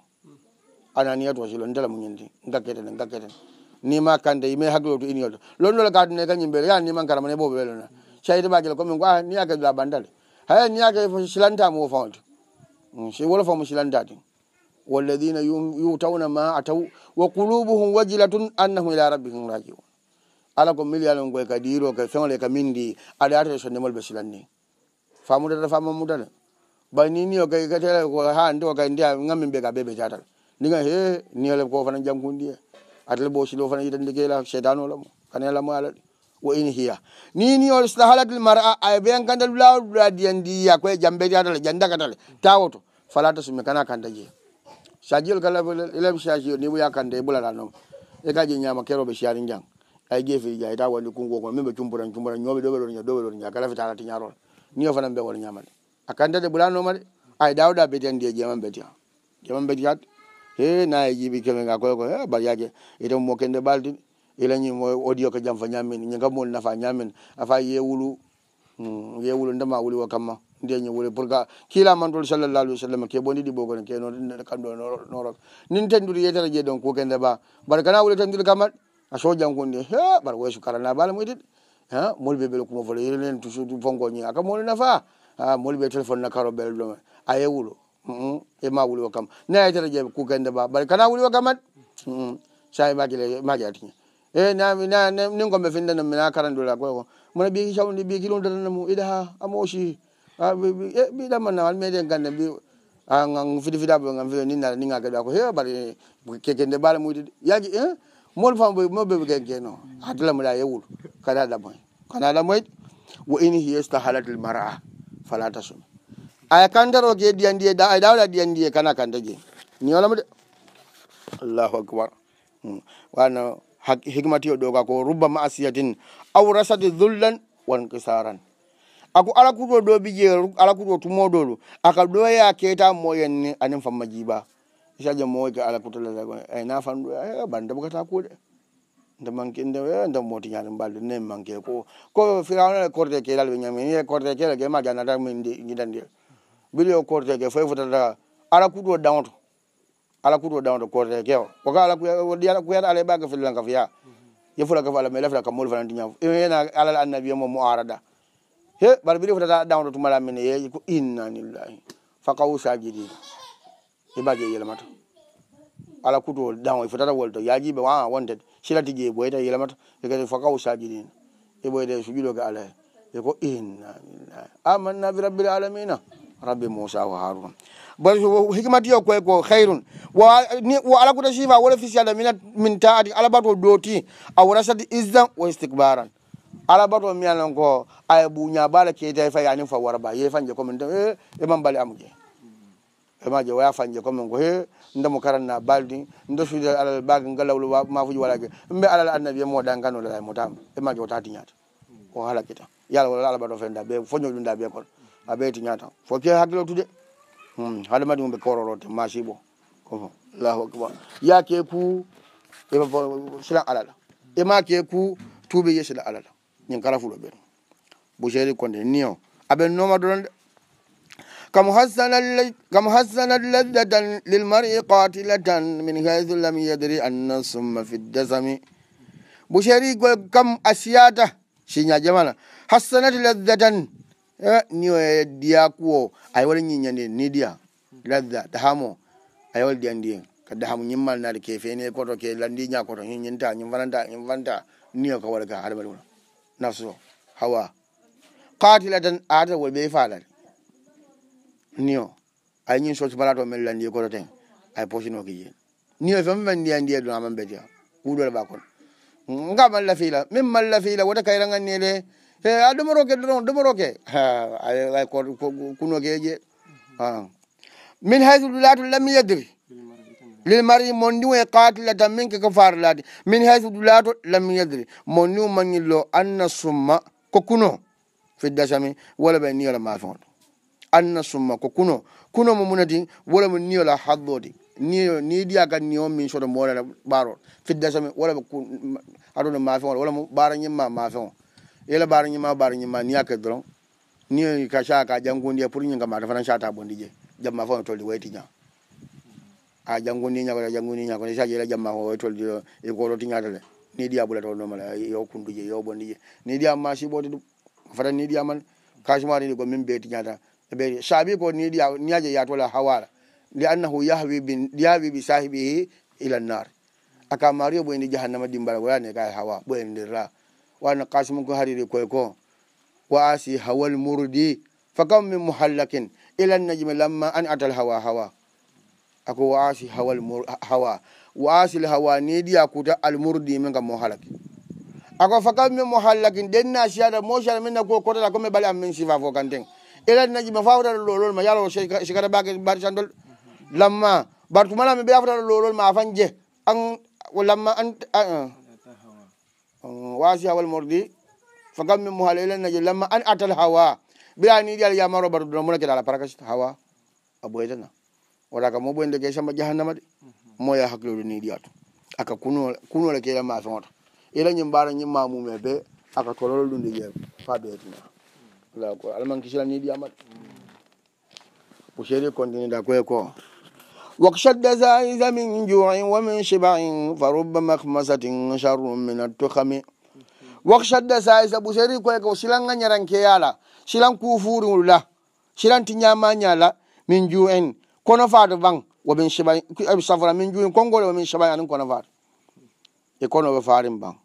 ananiyato silo ndala muñinde gakketene gakketen nima kande ime hakkiloto iniyoto lonnol kadune ka ñimbele ya niman kara mane ɓoɓe welona saytabakel comme ko a ah, niyake dula bandale haya niyake silantamo wo fawto mm, si wolofamo silantatin walladina yutawna ma ataw wa kulubuhum wajilatun annahum ila rabbihim rajiun ala ko milliyalon goy ka diro ka feŋole ka mindi aɗa yata sonde mol be silanni famudata famamudata ba nini o kay katel ko ha ndi o kay ndi ngam be ga be be tatal ndiga he ni ala ko fana jam kundi atal bo silo fana yidan de gela shedano lamo kanela mo ala wo in hiya nini o stahalat al mar'a ay be ngandal la la diandi ya ko jambe tatal janda katal tawoto falata sumi kana kanda je chargeur kala ilam chargeur ni bu yakande bu la nanom e ga je nyama kero be shari njang ay je fi ja ita e wandi kungo ko membe cumbura cumbura nyobe dobe don dobe don kala fi tarati nyaro ni ofana be wol nyama akande de bulano ma ay dawda be tan de e je mambe tia je mambe tia he na ay e jibi kemen ga ko ko e ba yaje ido mo kende baldi ila nyi mo odio ko jam fa nyamen nyanga mo nafa nyamen afa yewulu mm, yewulu ndama wuli wakamma kamma ndeño wure pour qua kiilaman toon sallallah alih wa sallam ke bo ndiɗi ɓogono ke kamɗo norok nin tendude yetere je ɗon kuke ndeba mbaɗa kana wule tendude kamat a sojankunde he mbaɗa wayso karana bala mumɗit ha molɓe ɓele kuma fole yirenen tosud fonkoñi a kam moni nafa a molɓe téléphone nakaro ɓele ɗome a ye wuro e ma wuliwo kam na yetere je kuke ndeba mbaɗa kana wuliwo kamat sai makile makiatiña e nin gomɓe finndenomi na karanɗola koyko mono ɓiki sawdi ɓiki ɗum dadanamu iɗa ha amo aussi Ah, mbiɗama eh, nawan meɗen gande mbi fiɗi fiɗaɓ gam fi ni nara ninga gaɗa ko hewa bar eh, keke nde mbala muyde yaji e eh, mol fam moɓeɓe gen ke no hadalamaɗa yewul kada ɗamoy kana ɗamoyde wo ini hiyesta halatel mara a falata sum aya kantaro ke ɗiyandiye a ɗawɗa ɗiyandiye kana kanta je ni walama de allahu akbar hmm. wano hikmatiyo ɗoga ko rubba ma asiyatin aw rasati dullan wan kisaran ako alakuto do bijeru alakuto tumodolu aka do ya keta moyen ni anin famma jiba shaje moy ga alakuto la ga ay e, na fandu ay e, banda bukata ko de nda manke nda we nda moti nyalim balde ne manke ko ko firawna korde ke dal benyamin ye korde ke ga magana da min di ngidan dir bilio korde ke fay futa da alakuto dawto alakuto dawto korde ke ko ga alakuto di alakuto ale baga filanka fiya ye fulaka fala me lafla kamul fanan dinya ina e, ala annabi mo muarada mm -hmm. he bara mbiɗi fotata ɗawdo tumara min yeeƴi ko inna lillahi fakaw sajidina e baje yelmata ala kutowol ɗawo fotata wolto yajiɓe wa wonte silati ƴe ɓoyta yelmata ekadi fakaw sajidina e ɓoyde sujuɗoke alaye e ko inna lillahi amanna bi rabbil alamina rabbi moussa wa harouna bon hikmatiyo koye ko hayrun wo ala kuta sifa wola fisiyada min taati alabato doti a worasati isdan wo istikbaran alabato miyalon ko aye buña bala keetay fay anin fa waraba ye fanje comme ndem eh, e man bali amuje e maje waya fanje comme ko he eh, ndemo karanna baldi ndo fi alal bag ngalawlo wa mafuji wala ke mbe alal annabi mo da ngano la mo tam e, e, e maje o tati nyaata ko hala kita yalla wala alabato fe nda be foño dum nda be kon a be ti nyaata fo ke haglo tude hmm hala madum be kororo te ma sibo ko allahu akbar ya ke ku e ba silan alala e ma ke ku tuube yesila alala ñin kala fulo ɓen bouseri konde nio aɓen noma donode kam hassana laddatan lilmari qatilatan min haythu lam yadri anna summa fi dasami bouseri kam asiyata siña jamana hassanat laddatan nio e, e diya kuwo ay wala ñiñandi ni diya ladda dahamo ay wala diya ndiye ka dahamo ñimmal nade ke feene koto ke landiña koto ñiñinta ñim vananta ñim vananta nio ka waɗa ka haɗa waɗi wona nafso hawa qatila dan aata wol ɓe falat niyo ay ñin sorti balato men landi koto e ten ay posinoki jeen niyo femfeme ndiya ndiya duna man betiya wuɗol ɓa kon nga malla fiila min malla fiila wota kayrangandi de a domoroke doo domoroke ay kunoke je min haysudu latu lam yadri lil mari mondiwo e katila dammin keko farlade min haysudu laato lamiyadri mondiwo mañillo anna summa ko kuno fiddasami wala ɓe niyola mafoto anna summa ko kuno kuno mo munadi wala mo niyola haddode niniɗiya gan ni on min soto moɗere ɓaro fiddasami wala ɓe haɗono mafe oɗo wala mo ɓara ñimma mafe o yela ɓara ñimma ɓara ñimma niya ke dron ni ka saka jangudi e pour ñinga mata fana sata bondi je jamma fo no tolde wayti ña a jangoni ñagoa jangoni ñagoa sa jeela jamma ko toldi ikoloti e ñata le ni ɗiya ɓula tol nomala yo kunduje yo bondi je ni ɗiya ma siɓode ɗum fata ni ɗiyaman kasumari ndi ko min beeti ñata ɓeeti saabi ko ni ɗiya niyaje yatola hawala li annahu yahwi bi ɗiyawi bi sahibihi ila nar aka mario ɓoyndi jahannama dimbala woyane ka hawa ɓoyendirra wana kasumu ko hariri koy ko wa asi hawal murdi fa kam min muhallakin ila najmi lamma an atal hawa hawa ako waasi hawa waasil hawa neɗiya kuta almurdi men gam mo halaki ako faka men mo hallaki ɗenna siyaɗa mosiyaɗa men na ko kotata ko me ɓaali am men sifa fo kanten elati naji ma fawtata lolol ma yalo sikata bake barisandol lamma bar tumala me ɓeyafatata lolol ma afan je an lamma an waasi hawal mordi faka men mo hala elati naji lamma an atal hawa ɓeya niɗi ala yamaro bar dona mona keɗa ala parakas hawa a ɓoytana waɗaka moɓo ende ke samba jahannama de moya hakkilode ni ɗiyato aka kunole kele mafeo ta ila ñim mbara ñim mamume be aka tolol ɗum de jeeru fa beetina ala ko almankisila ni ɗiyama de ko seri continue da koye ko واشتد زائد من جوع ومن شبع فرب مخمسة شر من التخم واشتد زائد أبو سيري كويك وسلان نيران كيالا سلان كوفور ولا سلان تنيا ما من جوع kono fade ban womin sheɓa eh, safra min juuni konngol womin sheɓa anin kono fade e kono ɓe farin ban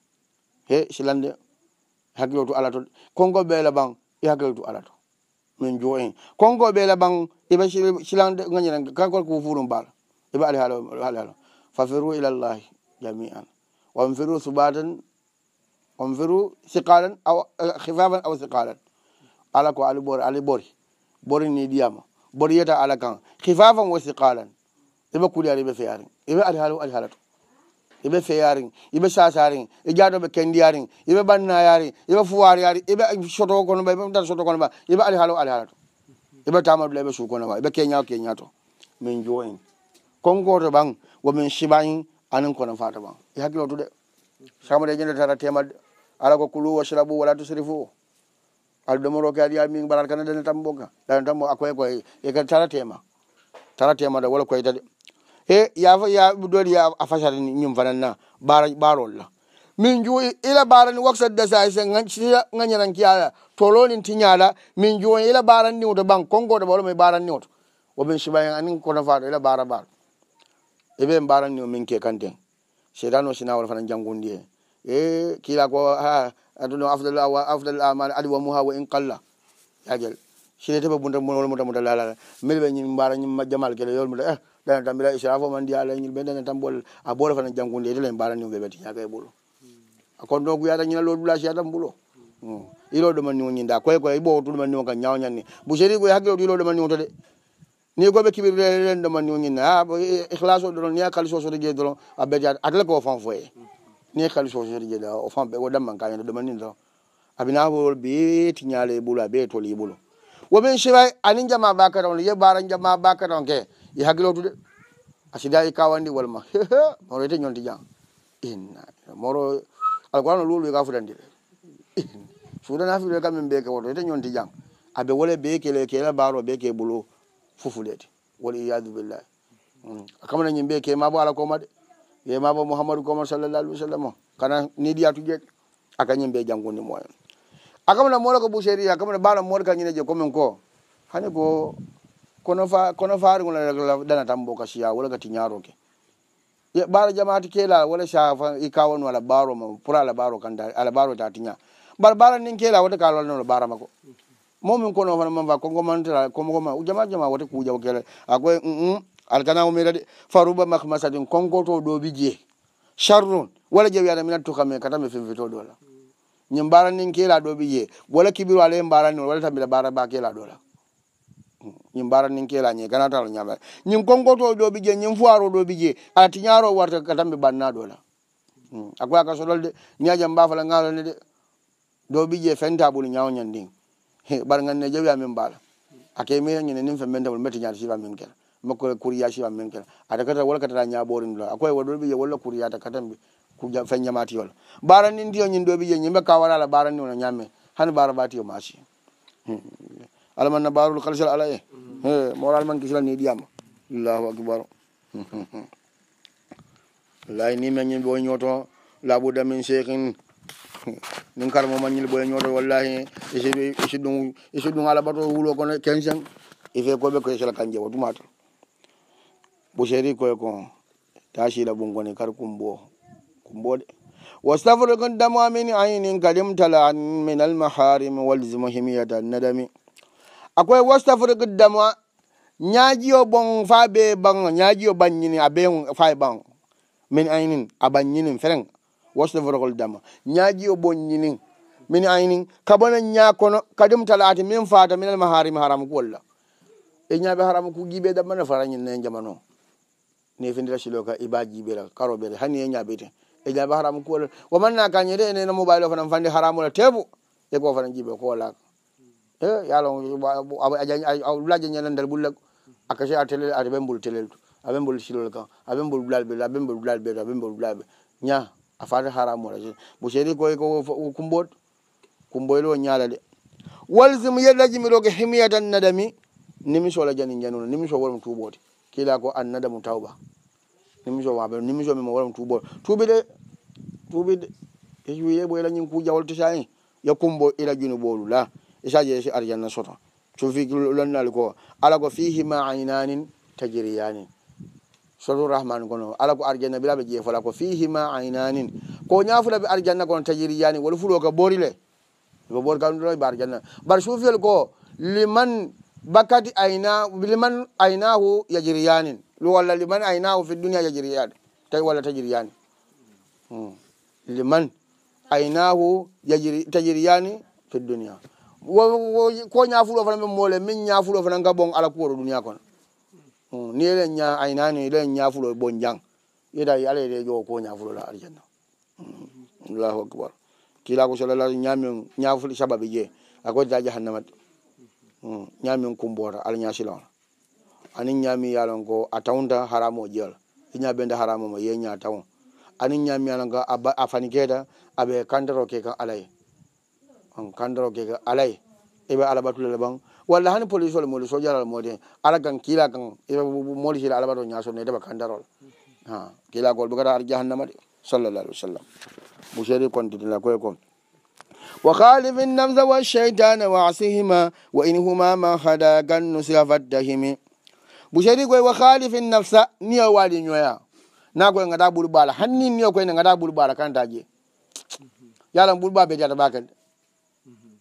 he silande hakkilo to alato konngo ɓeela ban e hakkilo to alato min jo en konngo ɓeela ban eɓe silande gañiran kakol ko fuɗum baala eɓe ali haali hala fafiru ilallahi jamian wam firu subatan wam firu sikalan aw eh, hifaban aw sikalan ala ko ali bori ali bori bori ni ɗiyama bon yeta ala kan kifafan wasi qalan ibe kuliyari ibe feyari ibe ali halu ali halatu ibe feyari ibe sasari ibe jado be kendiyari ibe banna yari ibe fuwari yari ibe shoto kono ba ibe dar shoto kono ba ibe ali halu ali halatu ibe tamadu ibe shu kono ba ibe kenya kenya to min join kongo to bang wo min shibayin anan kono fata bang ya hakilo to de sama de jende tara temad ala ko kulu washrabu wala tusrifu alɗomoro ke aɗi yamin mbaɗata kana dana tanmo ɓonka dana tanmo a koye koye e kadi taratema taratema ɗa wala koye tati e ya ya doli ya a fasata ñum fananna ɓara ɓarol la min jo ila ɓarani waksa desay e se gañanankiyala tolonin tiñala min joi ila ɓarani niwoto ɓan konkoto ɓawlo may ɓarani niwoto wobin sibaye anin kono faɗo ila ɓara ɓaro eɓen ɓarani niwo min ke kanten seedano sinawol fana jangundi he e kiila ko ha aduno afdal afdal amal adi wa muha wa in qalla yagel sine tebe bunda mo mo da la la mel be ni mbara ni jamal gele yol mo da eh da na tambira israfo man dia la ni be da tambol a bolo fa na jangunde de le mbara ni be beti yagay bolo akon do gu yada ni lo bla sha tam bolo ilo do man ni ni da ko ko ibo do man ni ko nyaaw nyani bu sheri go yagge do ilo do man ni to de ni go be kibir le le do man ni ni na ikhlaso do ni akal so so de ge do abedi atle ko fon foye ni kali changer je da o fam be wadam man kayen do manin do abina bo be ti nyaale bulu be to li e bulu wo ben shiba ani jama ba ka ye bara jama ba ka don ke ye hagilo tude asida e kawandi wal ma mo rete nyonti jam inna mo ro alquran lu lu e ka fudandi fuda na fi e ka men be ka wodo rete nyonti jam abe wole be ke le ke la baro be ke bulu fufulete wal iyad billah mm. kamana nyimbe ke ma bo ala ko made ye mama muhammadu koma sallallahu alaihi wasallam kana ni dia tuje akanyembe jangoni moyo akamna mola ko busheri akamna bala mola nyine je ko men ko hani ko kono fa kono fa faari la dana tambo ka siya wala ka tinyaro ke ye bala jamaati la wala sha fa i ka won wala baro ma pura la baro kan da ala baro ta tinya bar bala nin ke la wata ka kala no bara mako momin kono fa man ba ko man ko kongo ma jama jama wata kuja wakela akwai mm alganamo mira de faruba makko masadin konkoto ɗoɓi jee charron wala jawi ana minat tuka min e kata mi fimfito ɗola min mbaranin kela ɗoɓi jee wala kibiru alaye mbarani wala tambila bara ba kela ɗola ñin mbaranin kela ñe ganatalo ñama ñin konkoto ɗoɓi jee ñin foiro ɗoɓi jee aɗa tiñaro warta katambi banna ɗola hmm, a koya ka soɗolde ñajam mbafala ngalone de ɗoɓi jee fenta ɓolu ñawo ñandin bar ganne jawiya min mbala a ke mi ñine nin fe mentaɓol mbeti ñata siwa min kela makkore kuriyasi wa min kene ata kata wala katata ñaɓori ndula akoye waɗoɗo ɓiye walla kuriyata katanɓe fen ñamatiyola ɓaranni ndiyo ñin ɗo ɓiye ñimɓe ka warala ɓaranni ono ñamme hani ɓara mbatiyo maasi hmm. alaman na barul kalisal ala e hmm. eh, moral man kisila ni ɗiyama allahu akbar hmm. lay ni men ñin ɓoye ñoto labuda min sekin nin kara mo mañil ɓoye ñoto e wallahi isi ɗum isi ɗum ala ɓato wuulo kono quinze ans ife koɓe koye sela kan jewo tumata busheri koy ko tashi la bungoni kar kumbo kumbo واستفرق الدم من عين قد امتلأ من المحارم nadami حمية الندم akwai wasta furgit dama nyajiyo bon fa be bang nyajiyo banyini abe fa e bang min ainin abanyini fereng wasta furgol dama nyajiyo bon nyini min ainin kabana nya kono kadim talati min fata min al maharim haram kulla e nyabe haram ku gibe da mana faranyin nan jamano nefidira siloka iba jiɓera karoɓere hani e ñaɓete e ƴaɓe haramu kuwala womanna kañe de enena moɓali o fana fande haramula tebo e ko fana jiɓe ko walaka e yalonlaje ñanandar ɓulla akase a telel ata ɓen mbol telel to aɓen mbol silol kan aɓen mbol ɗulal ɓeto aɓen mbol ɗulal ɓeto aɓen mbol ɗulal ɓe ña a fata haramula se mo seedi koy ko kumboot kumboyle o ñaala de walsimo yeɗɗa jimiɗo ko himiyatan nadami nimi soola jani januna nimi soo wolmo tuuɓoote kila ko annada mo tawɓa nimiso maɓe nimiso mi mo waɗam tuuɓol tuuɓi de tuuɓi de e wiye bo ela ñing kuja wolte sani ya kumbo ila juni ɓoolu la isaje si e arianna soto sufi lonnali ko ala ko fihi ma aynanin tajiriyani soto rahman gono ala ko arianna bilaɓe jeefola ko fihi ma aynanin ko ñafulaɓe arianna kono tajiriyani wol fuɗo ka ɓorile ɓe ɓor kamɗoɓe e arianna bar sufiol ko liman bakkati ayna liman aynahu yajiriyanin walla liman aynahu fi dunia yajiriyan ta walla tajiriyani hmm. liman aynahu tajiriyani fi dunia ko ñafulo fana min moole min ñafulo fana nga bon ala kuwoto dunia kono hmm. ni ele ña aynani ele ñafulo bon jang yeda ala yede jogo ko ñafulo la aljanna hmm. allahu akbar kila ko sallallahu alayhi wa sallam ñaamin ñaful sababi je akoy ta jahannama Hmm, ñamin kumbota ala ñasilon anin ñami yalon ko a tawnta haramo jeel i ñabende haramo ma ye ña taw anin ñami yalon ko a fani keta aɓe kandaro ke kan alaye kandaro ke kan alaye eɓe alaɓatule le ɓan walla hani police ole moɗi sojal ala moɗi ala gan kiila kan moɗi sila alaɓato ñasolne deɓa kandarol kiila kol ɓe kata ar jahannama de sallallah alih wa sallam mo seri kontidila koye ko وخالف النفس والشيطان وعصهما وإنهما من خدا قنسر فدهم بشري قوي وخالف النفس نيا والي نيا ناقوي نغدا بول بالا حني نيا قوي نغدا بول بالا كان تاجي يالم بول بابي جاتا باكد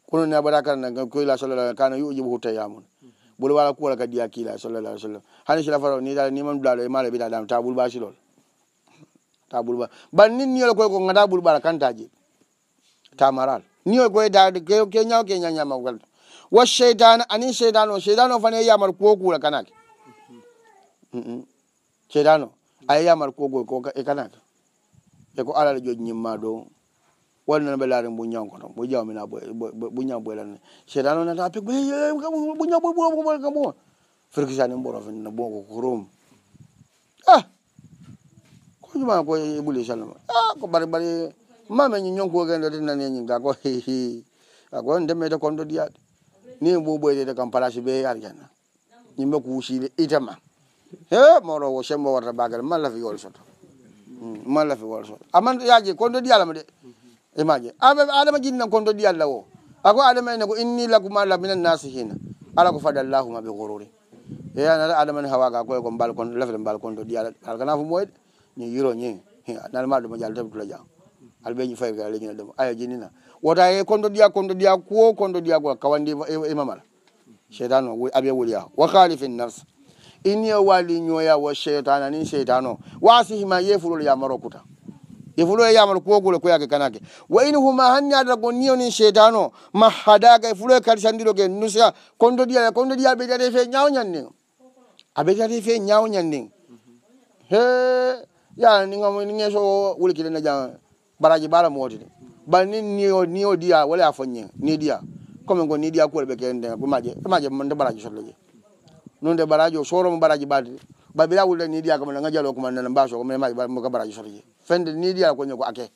كنو نيا بدا كان كوي لا صلى الله عليه وسلم كان يؤجبه تيامون بول بالا كورا قد يأكي لا صلى الله عليه وسلم حني شلا فرو نيدا نيمان بلا لأي مالا بدا دام تا بول باشي لول تا بول بالا بل نيا قوي نغدا بول بالا كان تاجي تا مرال niyo goye darde ke ñawo ke ñañama gal wo cheytane anin cheytane o cheytane o fana yamar kuwo kuula kanake cheytane o a yamar kuwo goy e kanake e ko alala joji ñimma do wonnana ɓe laarin buñaw kono bo jawmina buñaw boylan cheytane o nata pe eh, eh, buñaw boy ɓuroboka bo frikisanin ɓoro fenna bo ko korom ah ko jumaa ko ebuli eh, salama a ah, ko bari bari mame ñi ñonko gende de nani ñi gago hehe ago nde me de kondo diya ni bo bo e de kam palace be yar janna ñi me ku shile itama he mo ro wo shembo warta bagal man la fi wol soto mm, man la fi wol soto aman yaaji kondo diya lam de imaji e abe adama jinna kondo diya la wo ago e adama ne ko inni lakuma la minan nasihin ala ko fadal allahumma bi ghururi e ana adama ne hawaga ko ko balkon lafle balkon do diya al kanafu moy ñi yiro ñi nal ma do mo jall tabtu la jang alɓeñi fayi a leñinal ɗema aya jinina wota e konɗo ɗiya konɗo ɗiya kuwo konɗo ɗiya ko kawandi e, e, e mamala cheytan o aɓe wuliya wa halifi nas inniyo e wali ñoya wo cheytana nin cheytan o wasihima yefulol yamaro kuta yefulo e yamaro kuwogule koyake kanake wa in huma hanñada go niyo nin cheytan o ma hadaga e fulo e kalisandiro ge nusa konɗo ɗiya konɗo ɗiya ɓetiyate fe ñawñan nin aɓetiyate fe ñawñan nin he yani ninga ninge so wulkilena jang baraji bara mowoti de bal ni nio nio ɗiya wala a foñe ni ɗiya comme go ni ɗiya kuore ɓe kede maje maje nde baraji solle je nunde baraji o soromo baraji ɓade babira wulde ni ɗiya kamana ngajalo kuma nana mbaso kamana maje ka baraji solle je fende ni ɗiya koñe ko ake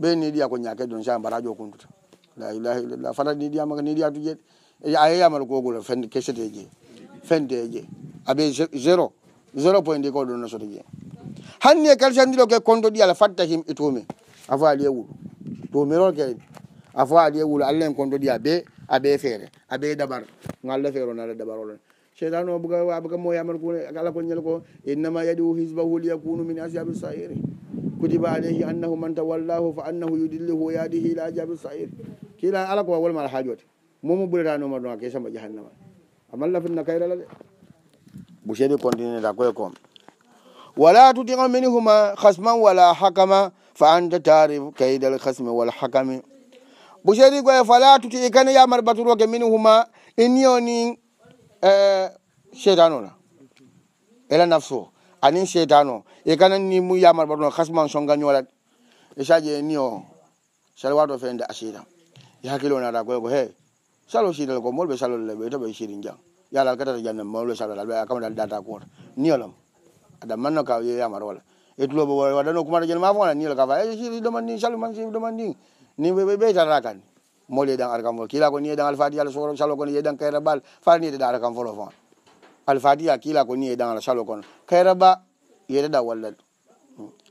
ɓe ni ɗiya koñe ake don sama baraji o kuntuta la ilaha illallah fata ni ɗiya maka ni ɗiya tuje e, a yeyama to kogol fende kesete je fende je aɓe zéro zéro point ndi ko ɗon no soto je hanni e kalsandiro ke konto ɗiyala fatta him e tuumen afo aliye wulu to mero ke afo aliye wulu alle en kondo di abe abe fere abe dabar ngalle fero na dabar olon shaytan o buga wa buga moya man ko ala ko nyel ko innama yadu hizbahu liyakunu min asyabi sa'iri kutiba alayhi annahu man tawallahu fa annahu yudilluhu yadihi ila asyabi sa'iri kila ala ko wal mal hajot momo bulata no ma do ke sama jahannama amalla finna kayra la de bushede continue da ko ko wala tuti minhuma khasman wala hakama fa anta taarifu kayida al hasmi wal hakami busheri goye fala tuti i kane yamar baturoke min huma inniyoni cheytane e, ola ela nafso anin cheytane o i kana ni mu yamar batuno hasman songañola isaji ni o salo wato fende asida i hakkilo nata goye ko he salo sidal ko molɓe salolle ɓe toɓe siri jang yalal katata jannde molɓe salolal ɓe kamadal data kota ni olam adam manno kaw yamar wala e tulobo wa waɗano kumata jene mafo ona niila kafa ei sii ɗoman ni salluman e si ɗoman ni ni ɓe ɓeytatata kan mol yeɗan arakam folo kiila ko ni yeɗan alfatiya ala soro salo kono yeɗan kayra ba fata ni yeɗeɗa arakam folo fon alfatiya kiila ko ni yeɗan ala salo kono kayra ba yeɗeɗa wallat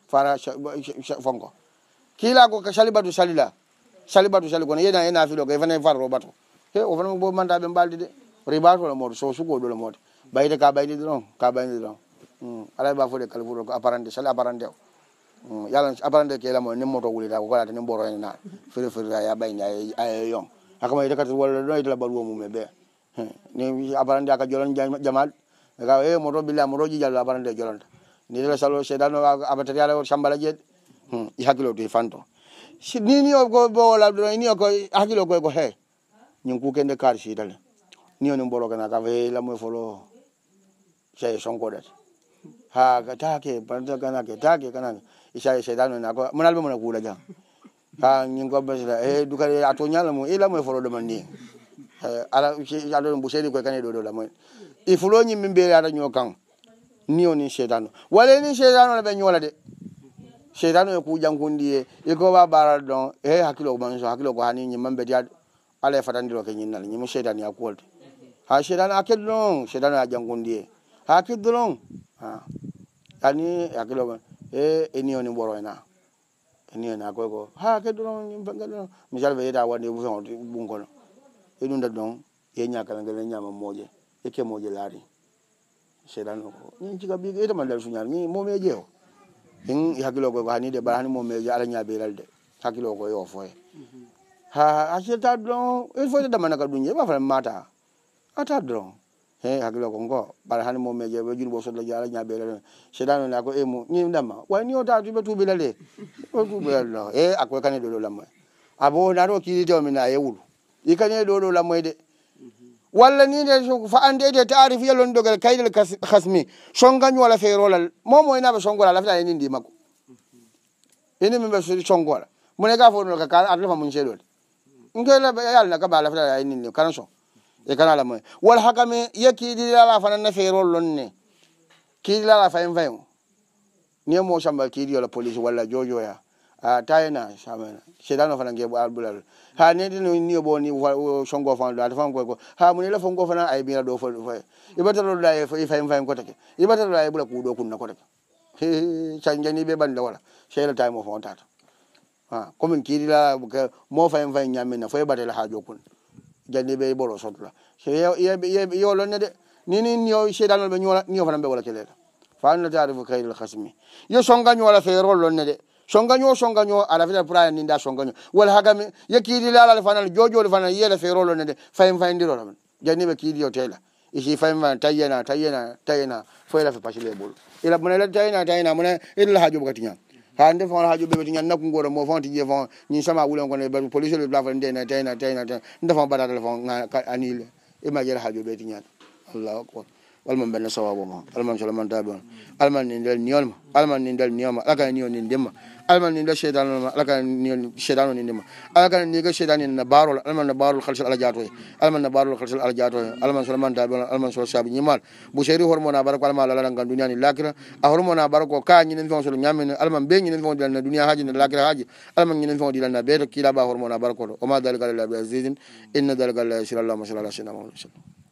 fara fonko kiila ko salibatu salila salibatu sali kono yeɗan enafiɗo ko fana fata robato e o fana bo manta ɓen ɓalde de ribatola moto so sugo ɗola moto ɓayde ka ɓaydede ɗon ka ɓaydede ɗon Mm, ala ɓe fo de calvour ko apparande sali apparande o mm, yala apparande ke lamo ni moto wulita ko kalata ni ɓoro hen na feri ferita ya ɓayni aye yong hakama yide kati walla ɗo yitala ɓaɗuwo mumen ɓe ni apparande aka jolan jamal ka e moto ɓilla moto jijallo apparande jolanta ni tala salo sedano abatati ala sambala jeeɗ i hakkilo to fanto ni ni ko bowola ɗo ni ko hakkilo koy ko he ñin kukende kaari sitale ni o ni ɓoro kena kafe eh, lamo folo seye sonko ɗete ha gatake banta gana gatake kana isha isha dano na ko monalbe mona kula jang ha nyin ko be sa e eh, du kare eh, ato nyala mo ila mo e folo de mandi ala che ala no busedi ko kane do do la mo e folo nyin min be ala nyo kan ni oni shedano wale ni shedano be nyola de shedano e ku jang kundi e ko ba bara don e eh, hakilo ko man so hakilo ko hani nyin man be dia ala e fatandi ro ke nyin nal nyin mo shedano ya ko ha shedano akel non shedano ya jang kundi e ha kidron ah uh -huh. ani akilo ma e eniyo ni ɓoroy na eniyo ni akoy ko ha ke ɗoɗon misal ɓe yeeta wadde ɓusono ɓunkono e ɗum ndat ɗon ye ñakalangel e ñama mooƴe e ke mooƴe laari seeɗano ko ñin cika ɓi yeta ma ndar suñar ñi moomee jeeyo in hakkilo koy ko hani de ɓara hani moomee je ala ñaɓeelalde hakkilo ko yo foye mhm. ha a seeta ɗon il e faut de damanaka ɗum je ɓa fala mata ata ɗon he hakkilo ko ngo bara hani mum meje wejuni bo sodla jara nya be lele sheda no nako e mu ni ndama wa ni ota tu be tu be lele o tu be lele e akwe kane do do lamo abo na ro kiri do mina e wulu i kane do do lamo de walla ni de so fa ande de taarif yelon do gal kaydal khasmi shonga nyu wala feerola mo mo ina be shongola la fita e ni ndi mako ini mbe so shongola mo ne ga fo no ka ka atlo fa mun shedo ngela be yalla ka ba la fita e ni ndi kanso e gana la moy wal hakami ye kidi la la fana na feero lonne kidi la la fayen fayen ni mo shamba kidi la police wala jojo ya a tayna shamana shedan fana ge bu albulal ha ne dinu ni bo ni shongo fana da fana ko ko ha mun la fongo fana ay mira do fo fay ibata lo da e fayen fayen ko take ibata lo ay bula ku do kun na ko take he chanjani be banda wala shela tay mo fonta ha komin kidi la mo fayen fayen nyamina fo ibata la hajo kun jandi ɓe ɓolo sotula yolonne de nini yo sedanol ɓe ñola niyo fanan ɓe wola telela fanulate arrive kayrel kasmi yo songaño ala fere rollonne de songaño songaño ala fita pra ninda songaño wala hagami ye kiidi lalal fanal jojoli fanal yiyele fere rollonne de fayim fayidirola man jandi ɓe kiidi yo tela isi fayim fa tayyena tayyena tayyena foyelafe pasile ɓolo ila mona ila tayyena tayyena mona ilala hajoɓo katiñam ha nde fon haajo ɓeɓe to ñannakku ngoro mo fon ti ƴe fon ñin sama wulon kone ba police le blafa ndena teyna teyna te nde fon baɗatale fon anile imajere e haajo ɓe ti ñan allahu akbar almam ɓenne sawabu ma almam solomantaɓe on almam ni ndel niolma almam ni ndel niolma alakane nio ni ndimma almani nin shedanoma alakani shedano nindema alakani nigo shedani na barol alman na barol khalsal ala jato alman na barol khalsal ala jato alman sulman dabe alman sul sabi nyimal bu sheri hormona barako alman ala ngal dunya ni lakira a hormona barako ka nyin fon sul nyamin alman be nyin fon dilal na dunya haji na lakira haji alman nyin fon dilal na beto kila ba hormona barako o ma dalgal la bezidin inna dalgal la shira allah ma shalla ala sayyidina muhammad sallallahu alaihi wasallam